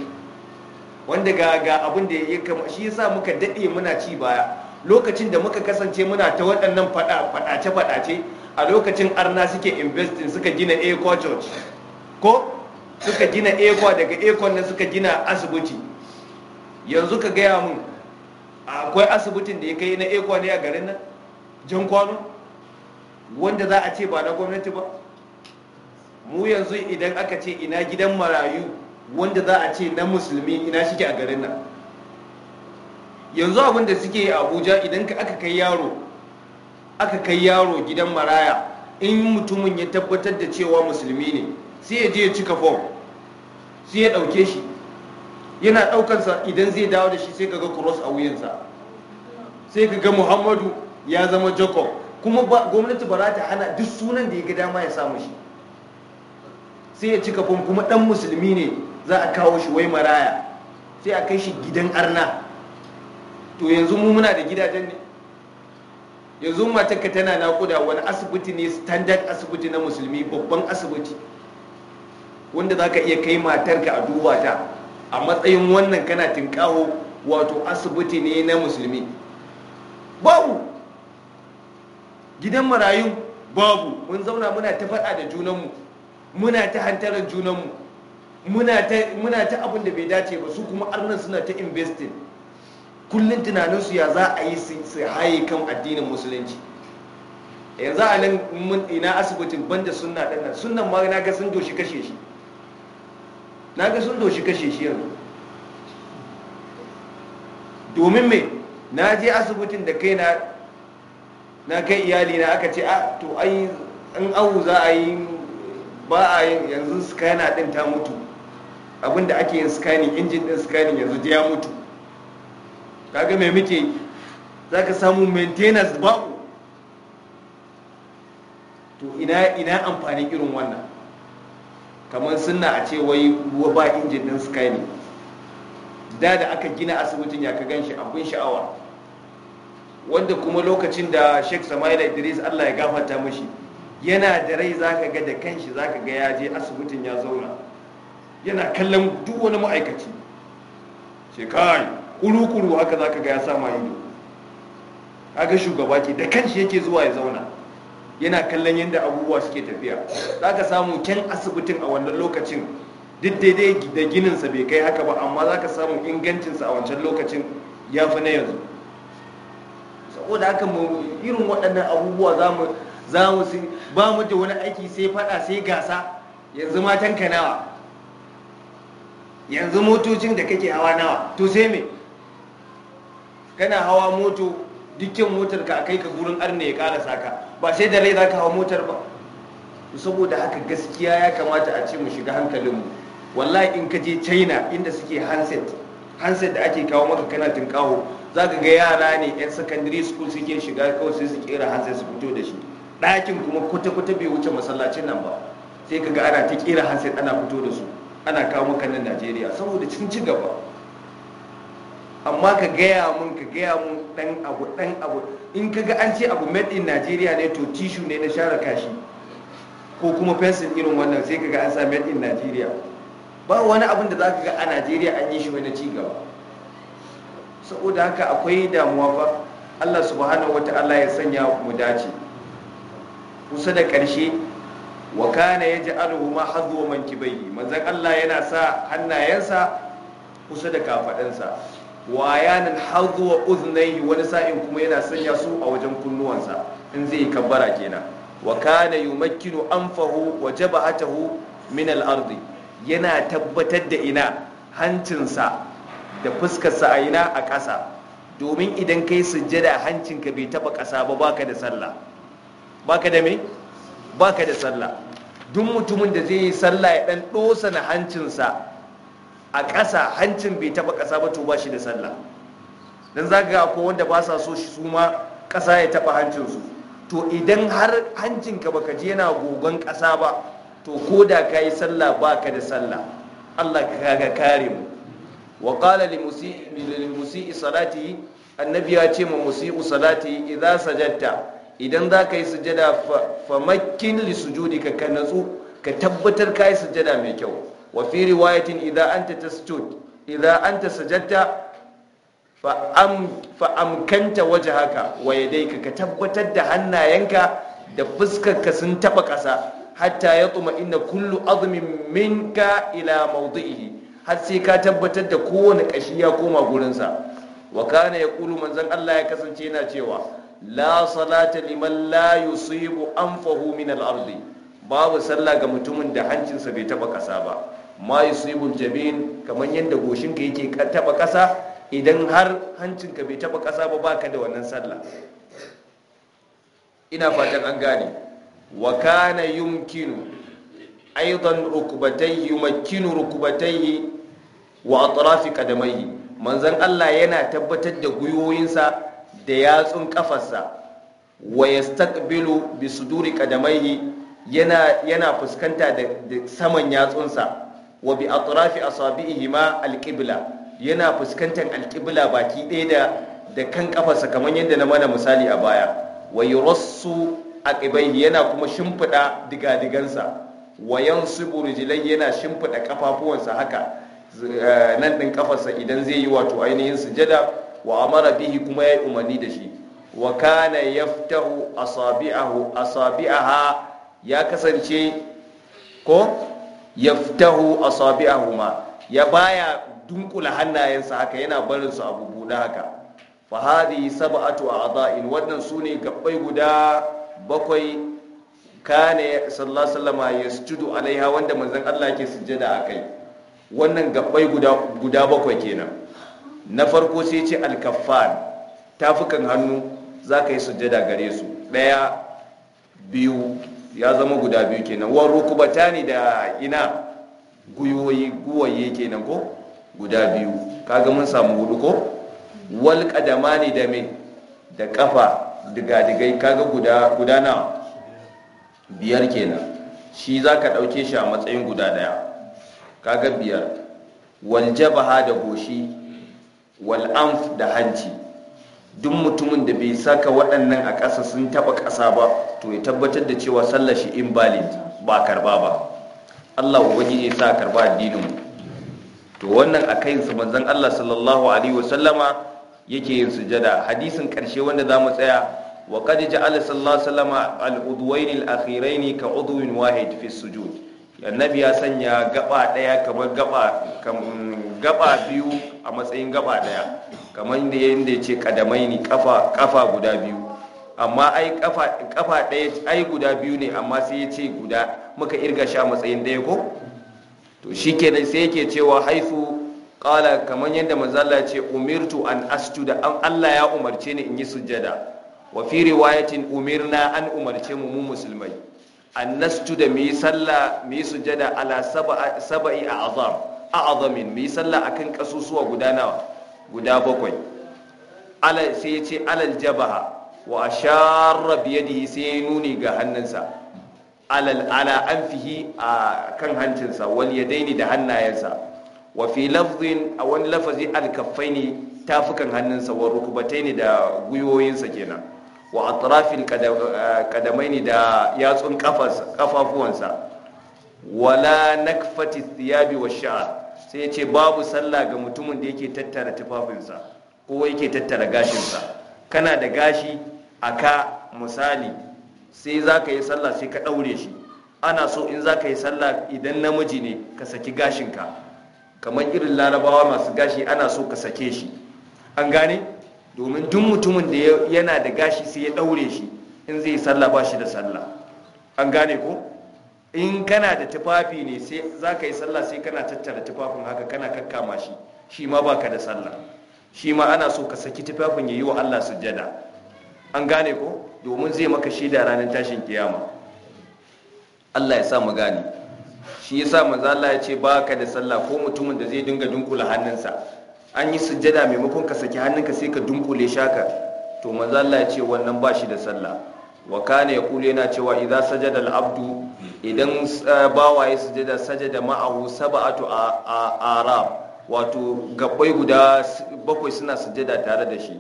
wanda ga ga abin da ya kama shi yasa muka daɗe muna ci baya lokacin da muka kasance muna ta waɗannan faɗace-faɗace a lokacin arna suke investing suka gina a ko suka gina ekwa daga ekon na suka gina asibiti yanzu ka gaya mun akwai asibitin da ya kai na ekwa ne a garin nan jan kwano wanda za a ce ba na gwamnati ba mu yanzu idan aka ce ina gidan marayu wanda za a ce na musulmi ina shike a garin nan yanzu abin da suke abuja idan aka kai yaro aka kai yaro gidan maraya in mutumin ya tabbatar da cewa musulmi ne sai ya je ya cika form sai ya ɗauke shi yana ɗaukansa idan zai dawo da shi sai ka ga cross a wuyansa sai ka ga muhammadu ya zama jacob kuma gwamnati ba za ta hana duk sunan da ya ga dama ya samu shi sai ya cika form kuma ɗan musulmi ne za a kawo shi wai maraya sai a kai shi gidan arna to yanzu mu muna da gidajen ne yanzu matarka tana nakuda wani asibiti ne standard asibiti na musulmi babban asibiti wanda za ka iya kai matarka a duba ta a matsayin wannan kana tinkawo wato asibiti ne na musulmi babu gidan marayu babu mun zauna muna ta faɗa da junanmu muna ta hantarar junanmu muna ta abin da bai dace ba su kuma arnan suna ta investin. kullum tunaninsu ya za a yi su haye kan addinin musulunci yanzu a nan ina asibitin banda sunna nan, sunan ma na ga sun doshi kashe shi na ga sun doshi kashe shi yanzu domin me na je asibitin da kai na kai iyali na aka ce a ah, to an in awu za a yi ba a yanzu skana din ta mutu abinda ake yin scanning injin din scanning yanzu ya mutu kaga mai muke za ka samu ba babu to ina amfani irin wannan kamar suna a ce wai ba injin din sky ne da da aka gina asibitin ya ka ganshi abin sha'awa wanda kuma lokacin da sheikh samaila idris allah ya gafarta mashi yana da rai zaka ga da kanshi zaka ga ya je asibitin ya zauna yana kallon duk wani ma'aikaci ce kai kuru-kuru haka zaka ga ya sa ma ne haka shugaba ke da kanshi yake zuwa ya zauna yana kallon yadda abubuwa suke tafiya za ka samu kyan asibitin a wannan lokacin duk daidai da gininsa bai kai haka ba amma za ka samu ingancinsa a wancan lokacin ya fi na yanzu saboda haka irin waɗannan abubuwa za mu ba mu da wani aiki sai faɗa sai gasa yanzu matan ka nawa yanzu motocin da kake hawa nawa to sai me kana hawa moto dukkan motar ka kai ka gurin arne ya karasa ka ba sai da rai za ka hau motar ba saboda haka gaskiya ya kamata a ce mu shiga hankalinmu wallahi in ka je china inda suke handset handset da ake kawo maka kana tinkaho za ka ga yara ne yan secondary school suke shiga kawai sai su kera handset su fito da shi ɗakin kuma kwata-kwata bai wuce masallacin nan ba sai ka ga ana ta kera handset ana fito da su ana kawo maka nan najeriya saboda cin ci gaba amma ka gaya mun ka gaya mun dan abu dan abu in ka ga an ce abu made in Najeriya ne to tishu ne na share kashi ko kuma fensin irin wannan sai kaga ga an sa made in Najeriya ba wani abin da zaka ga a Najeriya an yi shi wani ci gaba saboda haka akwai damuwa fa Allah subhanahu wata'ala ya sanya mu dace kusa da ƙarshe wa kana yaj'aluhu ma hadhu wa mankibai manzon Allah yana sa hannayensa kusa da kafadansa wayanin har zuwa uznai wani sa'in kuma yana sanya su a wajen kunnuwansa in zai yi kabbara kenan wa kana yumakkinu anfahu wa jabhatahu min al yana tabbatar da ina hancinsa da fuskarsa a ina a ƙasa domin idan kai sujjada hancinka bai taba ƙasa ba baka da sallah baka da me baka da sallah duk mutumin da zai yi sallah ya dan dosa na hancinsa a ƙasa hancin bai taɓa ƙasa ba to ba shi da sallah don za ga ko wanda ba sa so shi su ma ƙasa ya taɓa hancinsu to idan har hancin ka baka je yana gogon ƙasa ba to ko da ka yi sallah ba ka da sallah allah ka ga kare mu wa ƙala limusi'i salati annabi ya ce ma musi'u salati idan sajatta idan za ka yi sujada famakin li ka ka natsu ka tabbatar ka yi sujada mai kyau wa fi riwayatin idza anta tasjud idza anta sajadta fa am fa amkanta wajhaka wa yadayka ka tabbatar da hannayenka da fuskarka sun taba kasa hatta ya tsuma inna kullu azmin minka ila mawdihi har sai ka tabbatar da kowane kashi ya koma gurinsa wa kana kulu manzon Allah ya kasance yana cewa la salata liman la yusibu anfahu min al-ardi babu sallah ga mutumin da hancinsa bai taba kasa ba ma yusibul jabin kamar yadda goshinka yake taba kasa idan har hancinka bai taba kasa ba baka da wannan sallah ina fatan an gane wa kana yumkinu aidan rukbatayhi yumakkinu rukbatayhi wa atrafi kadamai Manzan Allah yana tabbatar da guyoyinsa da yatsun kafarsa wa yastaqbilu bi suduri qadamayhi yana yana fuskanta da saman yatsunsa wa bi atrafi ma alqibla yana fuskantar alqibla baki ɗaya da da kan kafarsa kamar yadda na mana misali a baya wa yurassu aqibaihi yana kuma shimfida digadigansa wa yansibu rijlai yana shimfida kafafuwansa haka eh, nan din kafarsa idan zai yi wato ainihin sujada wa amara bihi kuma ya umarni da shi wa kana yaftahu asabi'ahu asabi'aha ya kasance ko Ya yaftahu asabi'ahuma ya baya dunkula hannayensa haka yana barin su abu na haka fa hadhihi sab'atu a'dha'in wannan sune gabbai guda bakwai kane sallallahu alaihi wasallam yasjudu alaiha wanda manzon Allah ke sujjada akai wannan gabbai guda bakwai kenan na farko sai ce al-kaffan tafukan hannu zaka yi sujjada gare su daya biyu ya zama guda biyu kenan wa rukubatani da ina guyoyi guwaye kenan ko guda biyu kaga mun samu hudu ko wal qadamani da me da kafa diga digai kaga guda guda na biyar kenan shi zaka dauke shi a matsayin guda daya kaga biyar wal jabaha da goshi wal anf da hanci duk mutumin da bai saka waɗannan a ƙasa sun taɓa ƙasa ba to ya tabbatar da cewa sallar shi invalid ba karba ba Allah ubangiji ne sa karba addinin mu to wannan a kai su manzon Allah sallallahu alaihi wasallama yake yin sujada hadisin ƙarshe wanda zamu tsaya wa qad ja'ala sallallahu alaihi wasallama al-udwayn al-akhirayn ka udwin wahid fi sujud annabi ya sanya gaba daya kamar gaba biyu a matsayin gaba daya kamar da yayin da kadamai ne kafa kafa guda biyu amma ai kafa kafa daya ai guda biyu ne amma sai ya ce guda muka irga shi matsayin daya ko to shikenan sai yake cewa haifu qala kamar yadda manzo ce umirtu an asjuda an Allah ya umarce ni in yi sujada'. wa fi riwayatin umirna an umarce mu mu musulmai an da mu yi sallah mu sujada ala saba'i a azam a azamin mu yi sallah akan kasusuwa guda nawa guda bakwai sai ya ce alal jabaha wa asharra biyadihi sai ya nuni ga hannunsa alal ala fihi a kan hancinsa wal daini da hannayensa wa fi lafzin a wani lafazi alkaffaini tafukan hannunsa wa ne da gwiwoyinsa kenan wa atrafil eh, ne da yatsun kafafuwansa wala nakfati thiyabi wa sha'r sai ya ce babu sallah ga mutumin da yake tattara tufafinsa ko yake tattara gashinsa kana da gashi a ka misali sai za ka yi sallah sai ka ɗaure shi ana so in za ka yi sallah idan namiji ne ka saki gashinka kamar irin larabawa masu gashi ana so ka sake shi an gane domin duk mutumin da yana da gashi sai ya daure shi in zai sallah ba shi da sallah an gane ko in kana da tufafi ne sai za ka yi sallah sai kana tattara tufafin haka kana kakkama shi shi ma baka da sallah shi ma ana so ka saki tufafin ya yi wa Allah sujjada an gane ko domin zai maka shi da ranar tashin kiyama Allah ya sa mu gane shi yasa manzo Allah ya ce baka da sallah ko mutumin da zai dinga dunkula hannunsa an yi sujjada maimakon ka saki hannunka sai ka dunkule shaka to manzo Allah ya ce wannan ba shi da sallah wa kana yaqulu yana cewa idza sajada al-abdu idan eh, bawaye sujjada sajada ma'ahu sab'atu arab wato gabbai guda bakwai suna sujjada tare da shi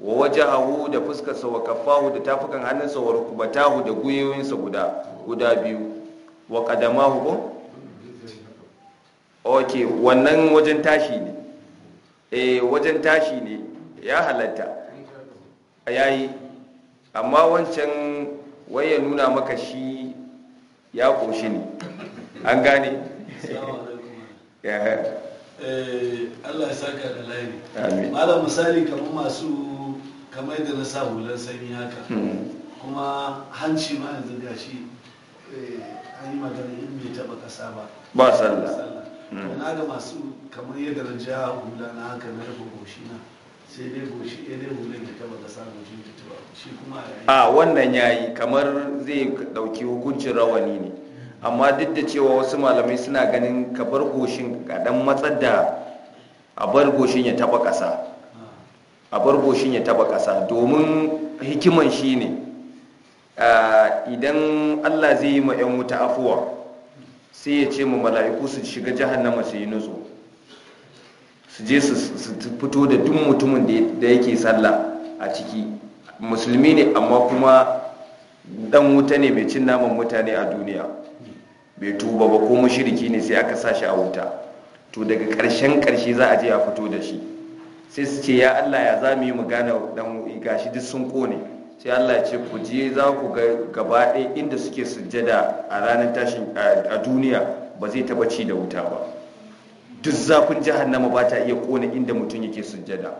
wa wajahu da fuskarsa wa kaffahu da tafukan hannunsa wa rukbatahu da guyoyinsa guda guda biyu wa qadamahu ko okay wannan wajen tashi ne eh wajen tashi ne ya halatta yayi amma wancan wai ya nuna maka shi ya koshi ne an gane eh, Allah ya saka da layi malam misali kamar masu kamar da na sa hular sanyi haka hmm. kuma hanci ma yanzu gashi eh, an yi magana in bai taba kasa ba ba sallah Mm. na ga masu kamar yadda na ja hula na haka na rufe goshi na sai dai goshi eh, ya dai hulun da ta baka samu jin ba shi kuma a wannan yayi kamar zai ɗauki hukuncin rawani ne amma duk da cewa wasu malamai suna ganin ka bar goshin ka dan matsar da a bar goshin ya taba ƙasa a bar goshin ya taba ƙasa domin hikiman shi ne idan allah zai yi ma 'yan wuta afuwa sai ya ce mu mala'iku su shiga jahannama su yi nutsu su je su fito da duk mutumin da yake sallah a ciki musulmi ne amma kuma dan wuta ne mai cin naman mutane a duniya bai tuba ba ko mashiriki ne sai aka sa a wuta to daga ƙarshen ƙarshe za a je a fito da shi sai su ce ya Allah ya za mu yi mu gane dan gashi duk sun kone sai Allah ce ku je za ku ga gaba ɗaya inda suke sujjada a ranar tashin a duniya ba zai taba ci da wuta ba duk zafin jahannama ba ta iya kone inda mutum yake sujjada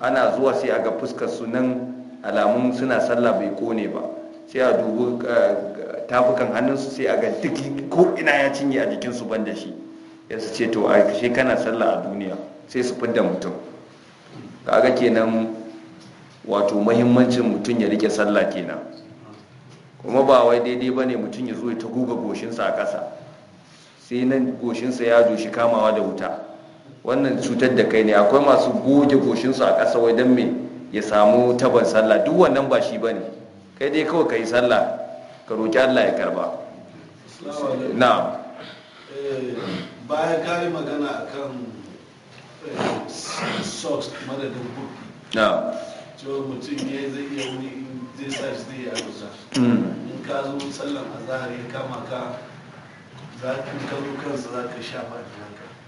ana zuwa sai a ga fuskar su alamun suna sallah bai kone ba sai a dubi tafukan hannunsu sai a ga duk ko ina ya cinye a jikinsu ban da shi ya su ce to a kana sallah a duniya sai su fidda mutum kaga kenan wato mahimmancin mutum ya rike sallah kenan kuma ba wai daidai ba ne mutum ya zo ta guga goshinsa a ƙasa sai nan goshinsa ya shi kamawa da wuta wannan cutar da kai ne akwai masu goge goshinsu a ƙasa wai don me ya samu taban sallah duk wannan ba shi ba ne kai dai kawai ka yi sallah ka roƙi allah ya karba na eh, ya kare magana akan eh, socks madadin mutum ya zai iya wuri zai sa shi zai yi hmm. in ka zo sallan a zahari ya kama ka za ka kansa za ka sha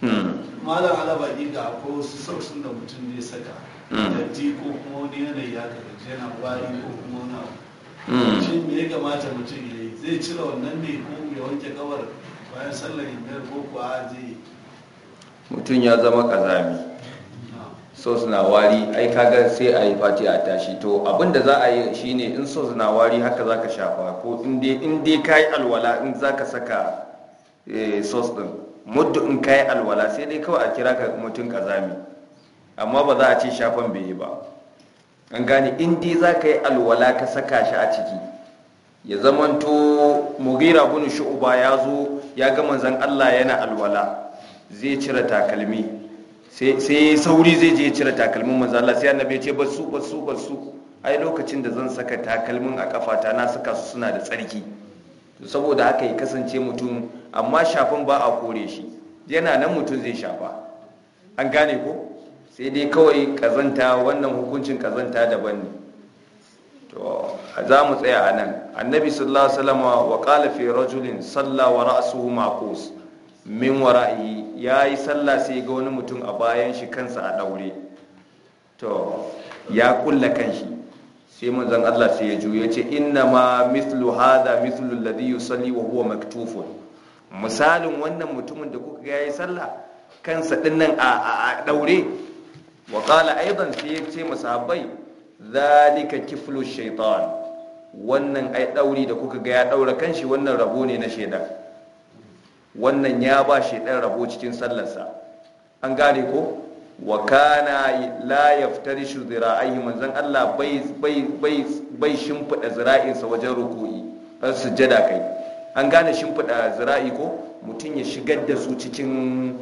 hmm. malam alaba ga da mutum saka hmm. ko kuma wani yanayi ya gaji yana wari ko kuma wani abu me ya kamata mutum ya yi zai cire wannan ne ko ya wanke kawar bayan sallan yin ko mutum ya zama kazami so suna wari ai kaga sai a yi fati a tashi to abinda za a yi shine in so suna wari haka za ka shafa ko in dai ka yi alwala in za ka saka eh, sos din muddu in ka yi alwala sai dai kawai a kira ka mutum kazami amma ba za a ce shafan bai yi ba an gane in dai za ka yi alwala ka saka shi a ciki ya zamanto mugira bin shu'uba ya zo ya ga manzon Allah yana alwala zai cire takalmi sai sauri zai je cire takalmin manzo Allah sai annabi ya ce basu basu basu ai lokacin da zan saka takalmin a kafata na saka su suna da tsarki to saboda haka ya kasance mutum amma shafin ba a kore shi yana nan mutum zai shafa an gane ko sai dai kawai kazanta wannan hukuncin kazanta daban ne to za mu tsaya a nan annabi sallallahu alaihi sallam wa qala fi rajulin salla wa ra'suhu maqus min wara'i ya yi sallah sai ga wani mutum a bayan shi kansa a daure to ya kulla kanshi sai manzon Allah sai ya juyo ce inna ma mislu hadha mislu alladhi yusalli wa huwa maktufun misalin wannan mutumin da kuka ga yayi sallah kansa nan a daure wa qala aidan sai ya ce masahabai zalika kiflu shaytan wannan ai dauri da kuka ga ya daura kanshi wannan rabo ne na shaidan wannan ya ba shi ɗan rabo cikin sallarsa an gane ko wa kana la yaftarishu zira'ihi manzon Allah bai bai bai bai shimfida zira'insa wajen ruku'i har sujjada kai an gane shimfida zira'i ko mutum ya shigar da su cikin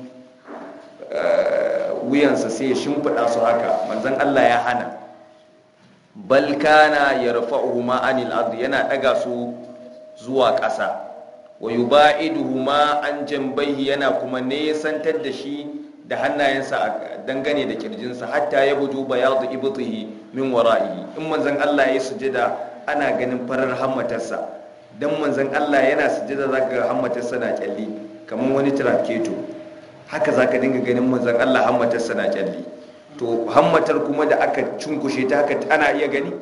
eh, wuyansa sai ya shimfida su haka manzon Allah ya hana bal kana yarfa'uhuma anil ard yana ɗaga su zuwa ƙasa wa ba ma an yana kuma nesantar da shi da hannayensa a dangane da kirjinsa hatta ya buju bayadu ibtihi min wara'i in manzan Allah ya da ana ganin farar hammatarsa dan manzan Allah yana sujada zaka ga hammatarsa na kyalli kamar wani traketo, haka za ka dinga ganin manzan Allah hammatarsa na kyalli to hammatar kuma da aka cunkushe ta haka ana iya gani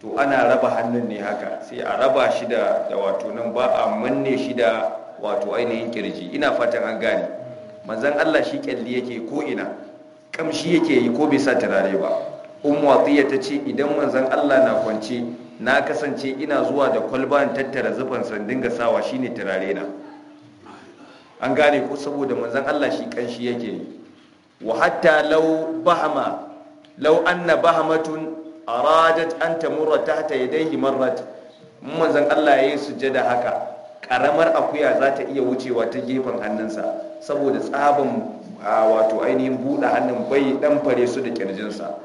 to ana raba hannun ne haka sai a raba shi da wato nan ba a manne shi da wato ainihin kirji ina fatan an gane manzan Allah shi kyalli yake ko ina kamshi yake yi ko bai sa turare ba ummu atiya ta ce idan manzan Allah na kwance na kasance ina zuwa da kwalban tattara zufan sandin ga sawa shine turare na an gane ko saboda manzan Allah shi kanshi yake yi wa hatta law bahama law anna bahamatun aradat an tamurra ya yadayhi marrat manzon Allah ya suje sujjada haka karamar akuya za ta iya wucewa ta gefen hannunsa saboda tsabin wato ainihin buɗe hannun bai dan fare su da kirjinsa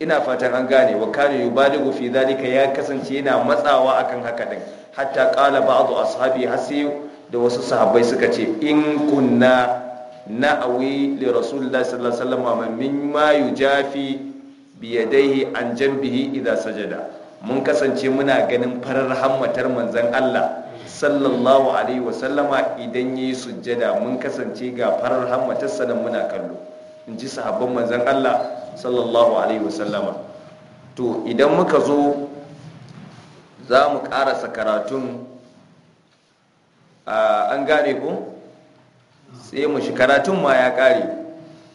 ina fatan an gane wa kare yubaligu fi zalika ya kasance yana matsawa akan haka din hatta qala ba'du ashabi hasi da wasu sahabai suka ce in kunna na'awi li rasulillahi sallallahu alaihi wasallam min ma yujafi biyadaihi an janbihi idan sajada mun kasance muna ganin farar hammatar manzan Allah sallallahu alaihi wasallama idan yi sujjada mun kasance ga farar hammatar sanan muna kallo in ji sahabban manzan Allah sallallahu alaihi wasallama to idan muka zo za mu karasa karatun ah, an gane ku sai mu shi karatun ma ya kare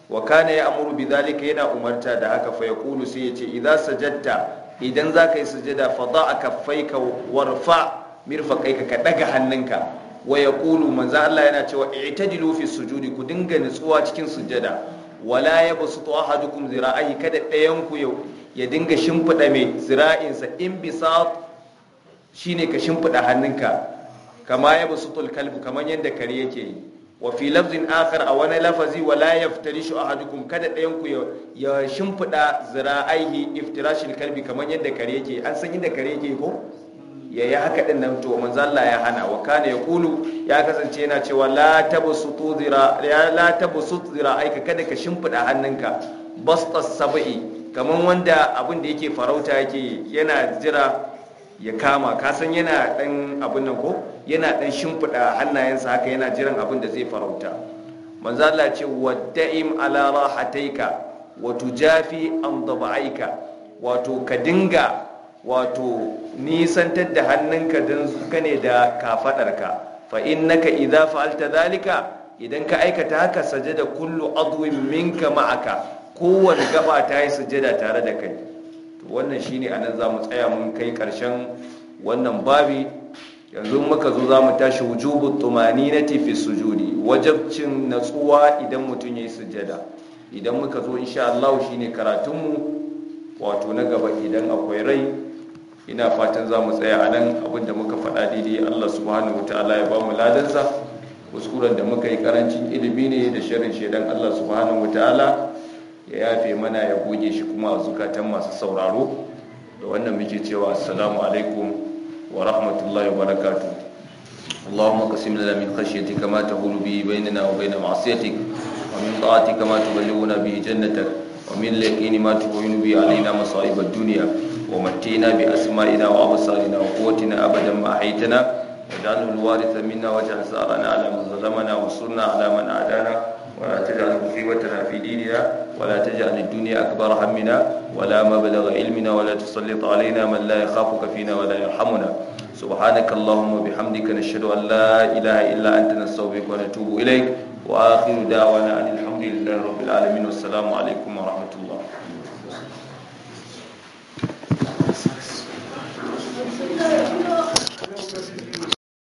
wa kana ya amuru bi zalika yana umarta da haka fa yaqulu sai yace idza sajadta idan zaka yi sujada fa da'a kaffaika warfa mirfaqaika ka daga hannunka wa yaqulu manzo Allah yana cewa i'tadilu fi sujudi ku dinga nutsuwa cikin sujada wala yabsutu ahadukum zira'ihi kada ɗayan ku ya dinga shimfida mai zira'insa in bisat shine ka shimfida hannunka kama yabsutul kalbu kaman yadda kare yake yi wa lafzin akhar a wani lafazi wa la yaftarishu ahadukum kada ɗayan ku ya shimfida zira'aihi iftirashin kalbi kamar yadda kare yake an san yadda kare yake ko ya yi haka din nan to manzo Allah ya hana wa kana kulu ya kasance yana cewa la tabsutu zira la tabsutu kada ka shimfiɗa hannunka bastas sab'i kamar wanda abin da yake farauta yake yana jira ya kama kasan yana dan abin nan ko yana dan shimfida hannayensa haka yana jiran abin da zai farauta manzo Allah ce wadaim ala rahataika wa tujafi an dabaika wato ka dinga wato nisantar da hannunka don ne da kafadarka fa innaka idza fa'alta zalika idan ka aikata haka sajada kullu adwin minka ma'aka kowane gaba ta yi sujada tare da kai wannan shine anan za mu tsaya mun kai karshen wannan babi yanzu muka zo za mu tashi wujubu na fi sujudi wajabcin natsuwa idan mutum ya yi sujada idan muka zo insha Allah ne karatunmu wato na gaba idan akwai rai ina fatan za mu tsaya anan abinda muka faɗa daidai Allah subhanahu wataala ya bamu ladansa kuskuren da muka yi karancin ilimi ne da shirin shaidan Allah subhanahu wataala ya yafe mana ya goge shi kuma a zukatan masu sauraro da wannan muke cewa assalamu alaikum wa rahmatullahi wa barakatuh اللهم قسم لنا من خشيتك ما تهول به بيننا وبين معصيتك ومن طاعتك ما تبلغنا به جنتك ومن اليقين ما تهون به علينا مصائب الدنيا ومتينا بأسمائنا وأبصارنا وقوتنا أبدا ما أحيتنا واجعله الوارث منا واجعل ثارنا على من ظلمنا وانصرنا على من عادانا ولا تجعل مصيبتنا في ديننا ولا تجعل الدنيا أكبر همنا ولا مبلغ علمنا ولا تسلط علينا من لا يخافك فينا ولا يرحمنا سبحانك اللهم وبحمدك نشهد أن لا إله إلا أنت نستغفرك ونتوب إليك وآخر دعوانا أن الحمد لله رب العالمين والسلام عليكم ورحمة الله Thank you.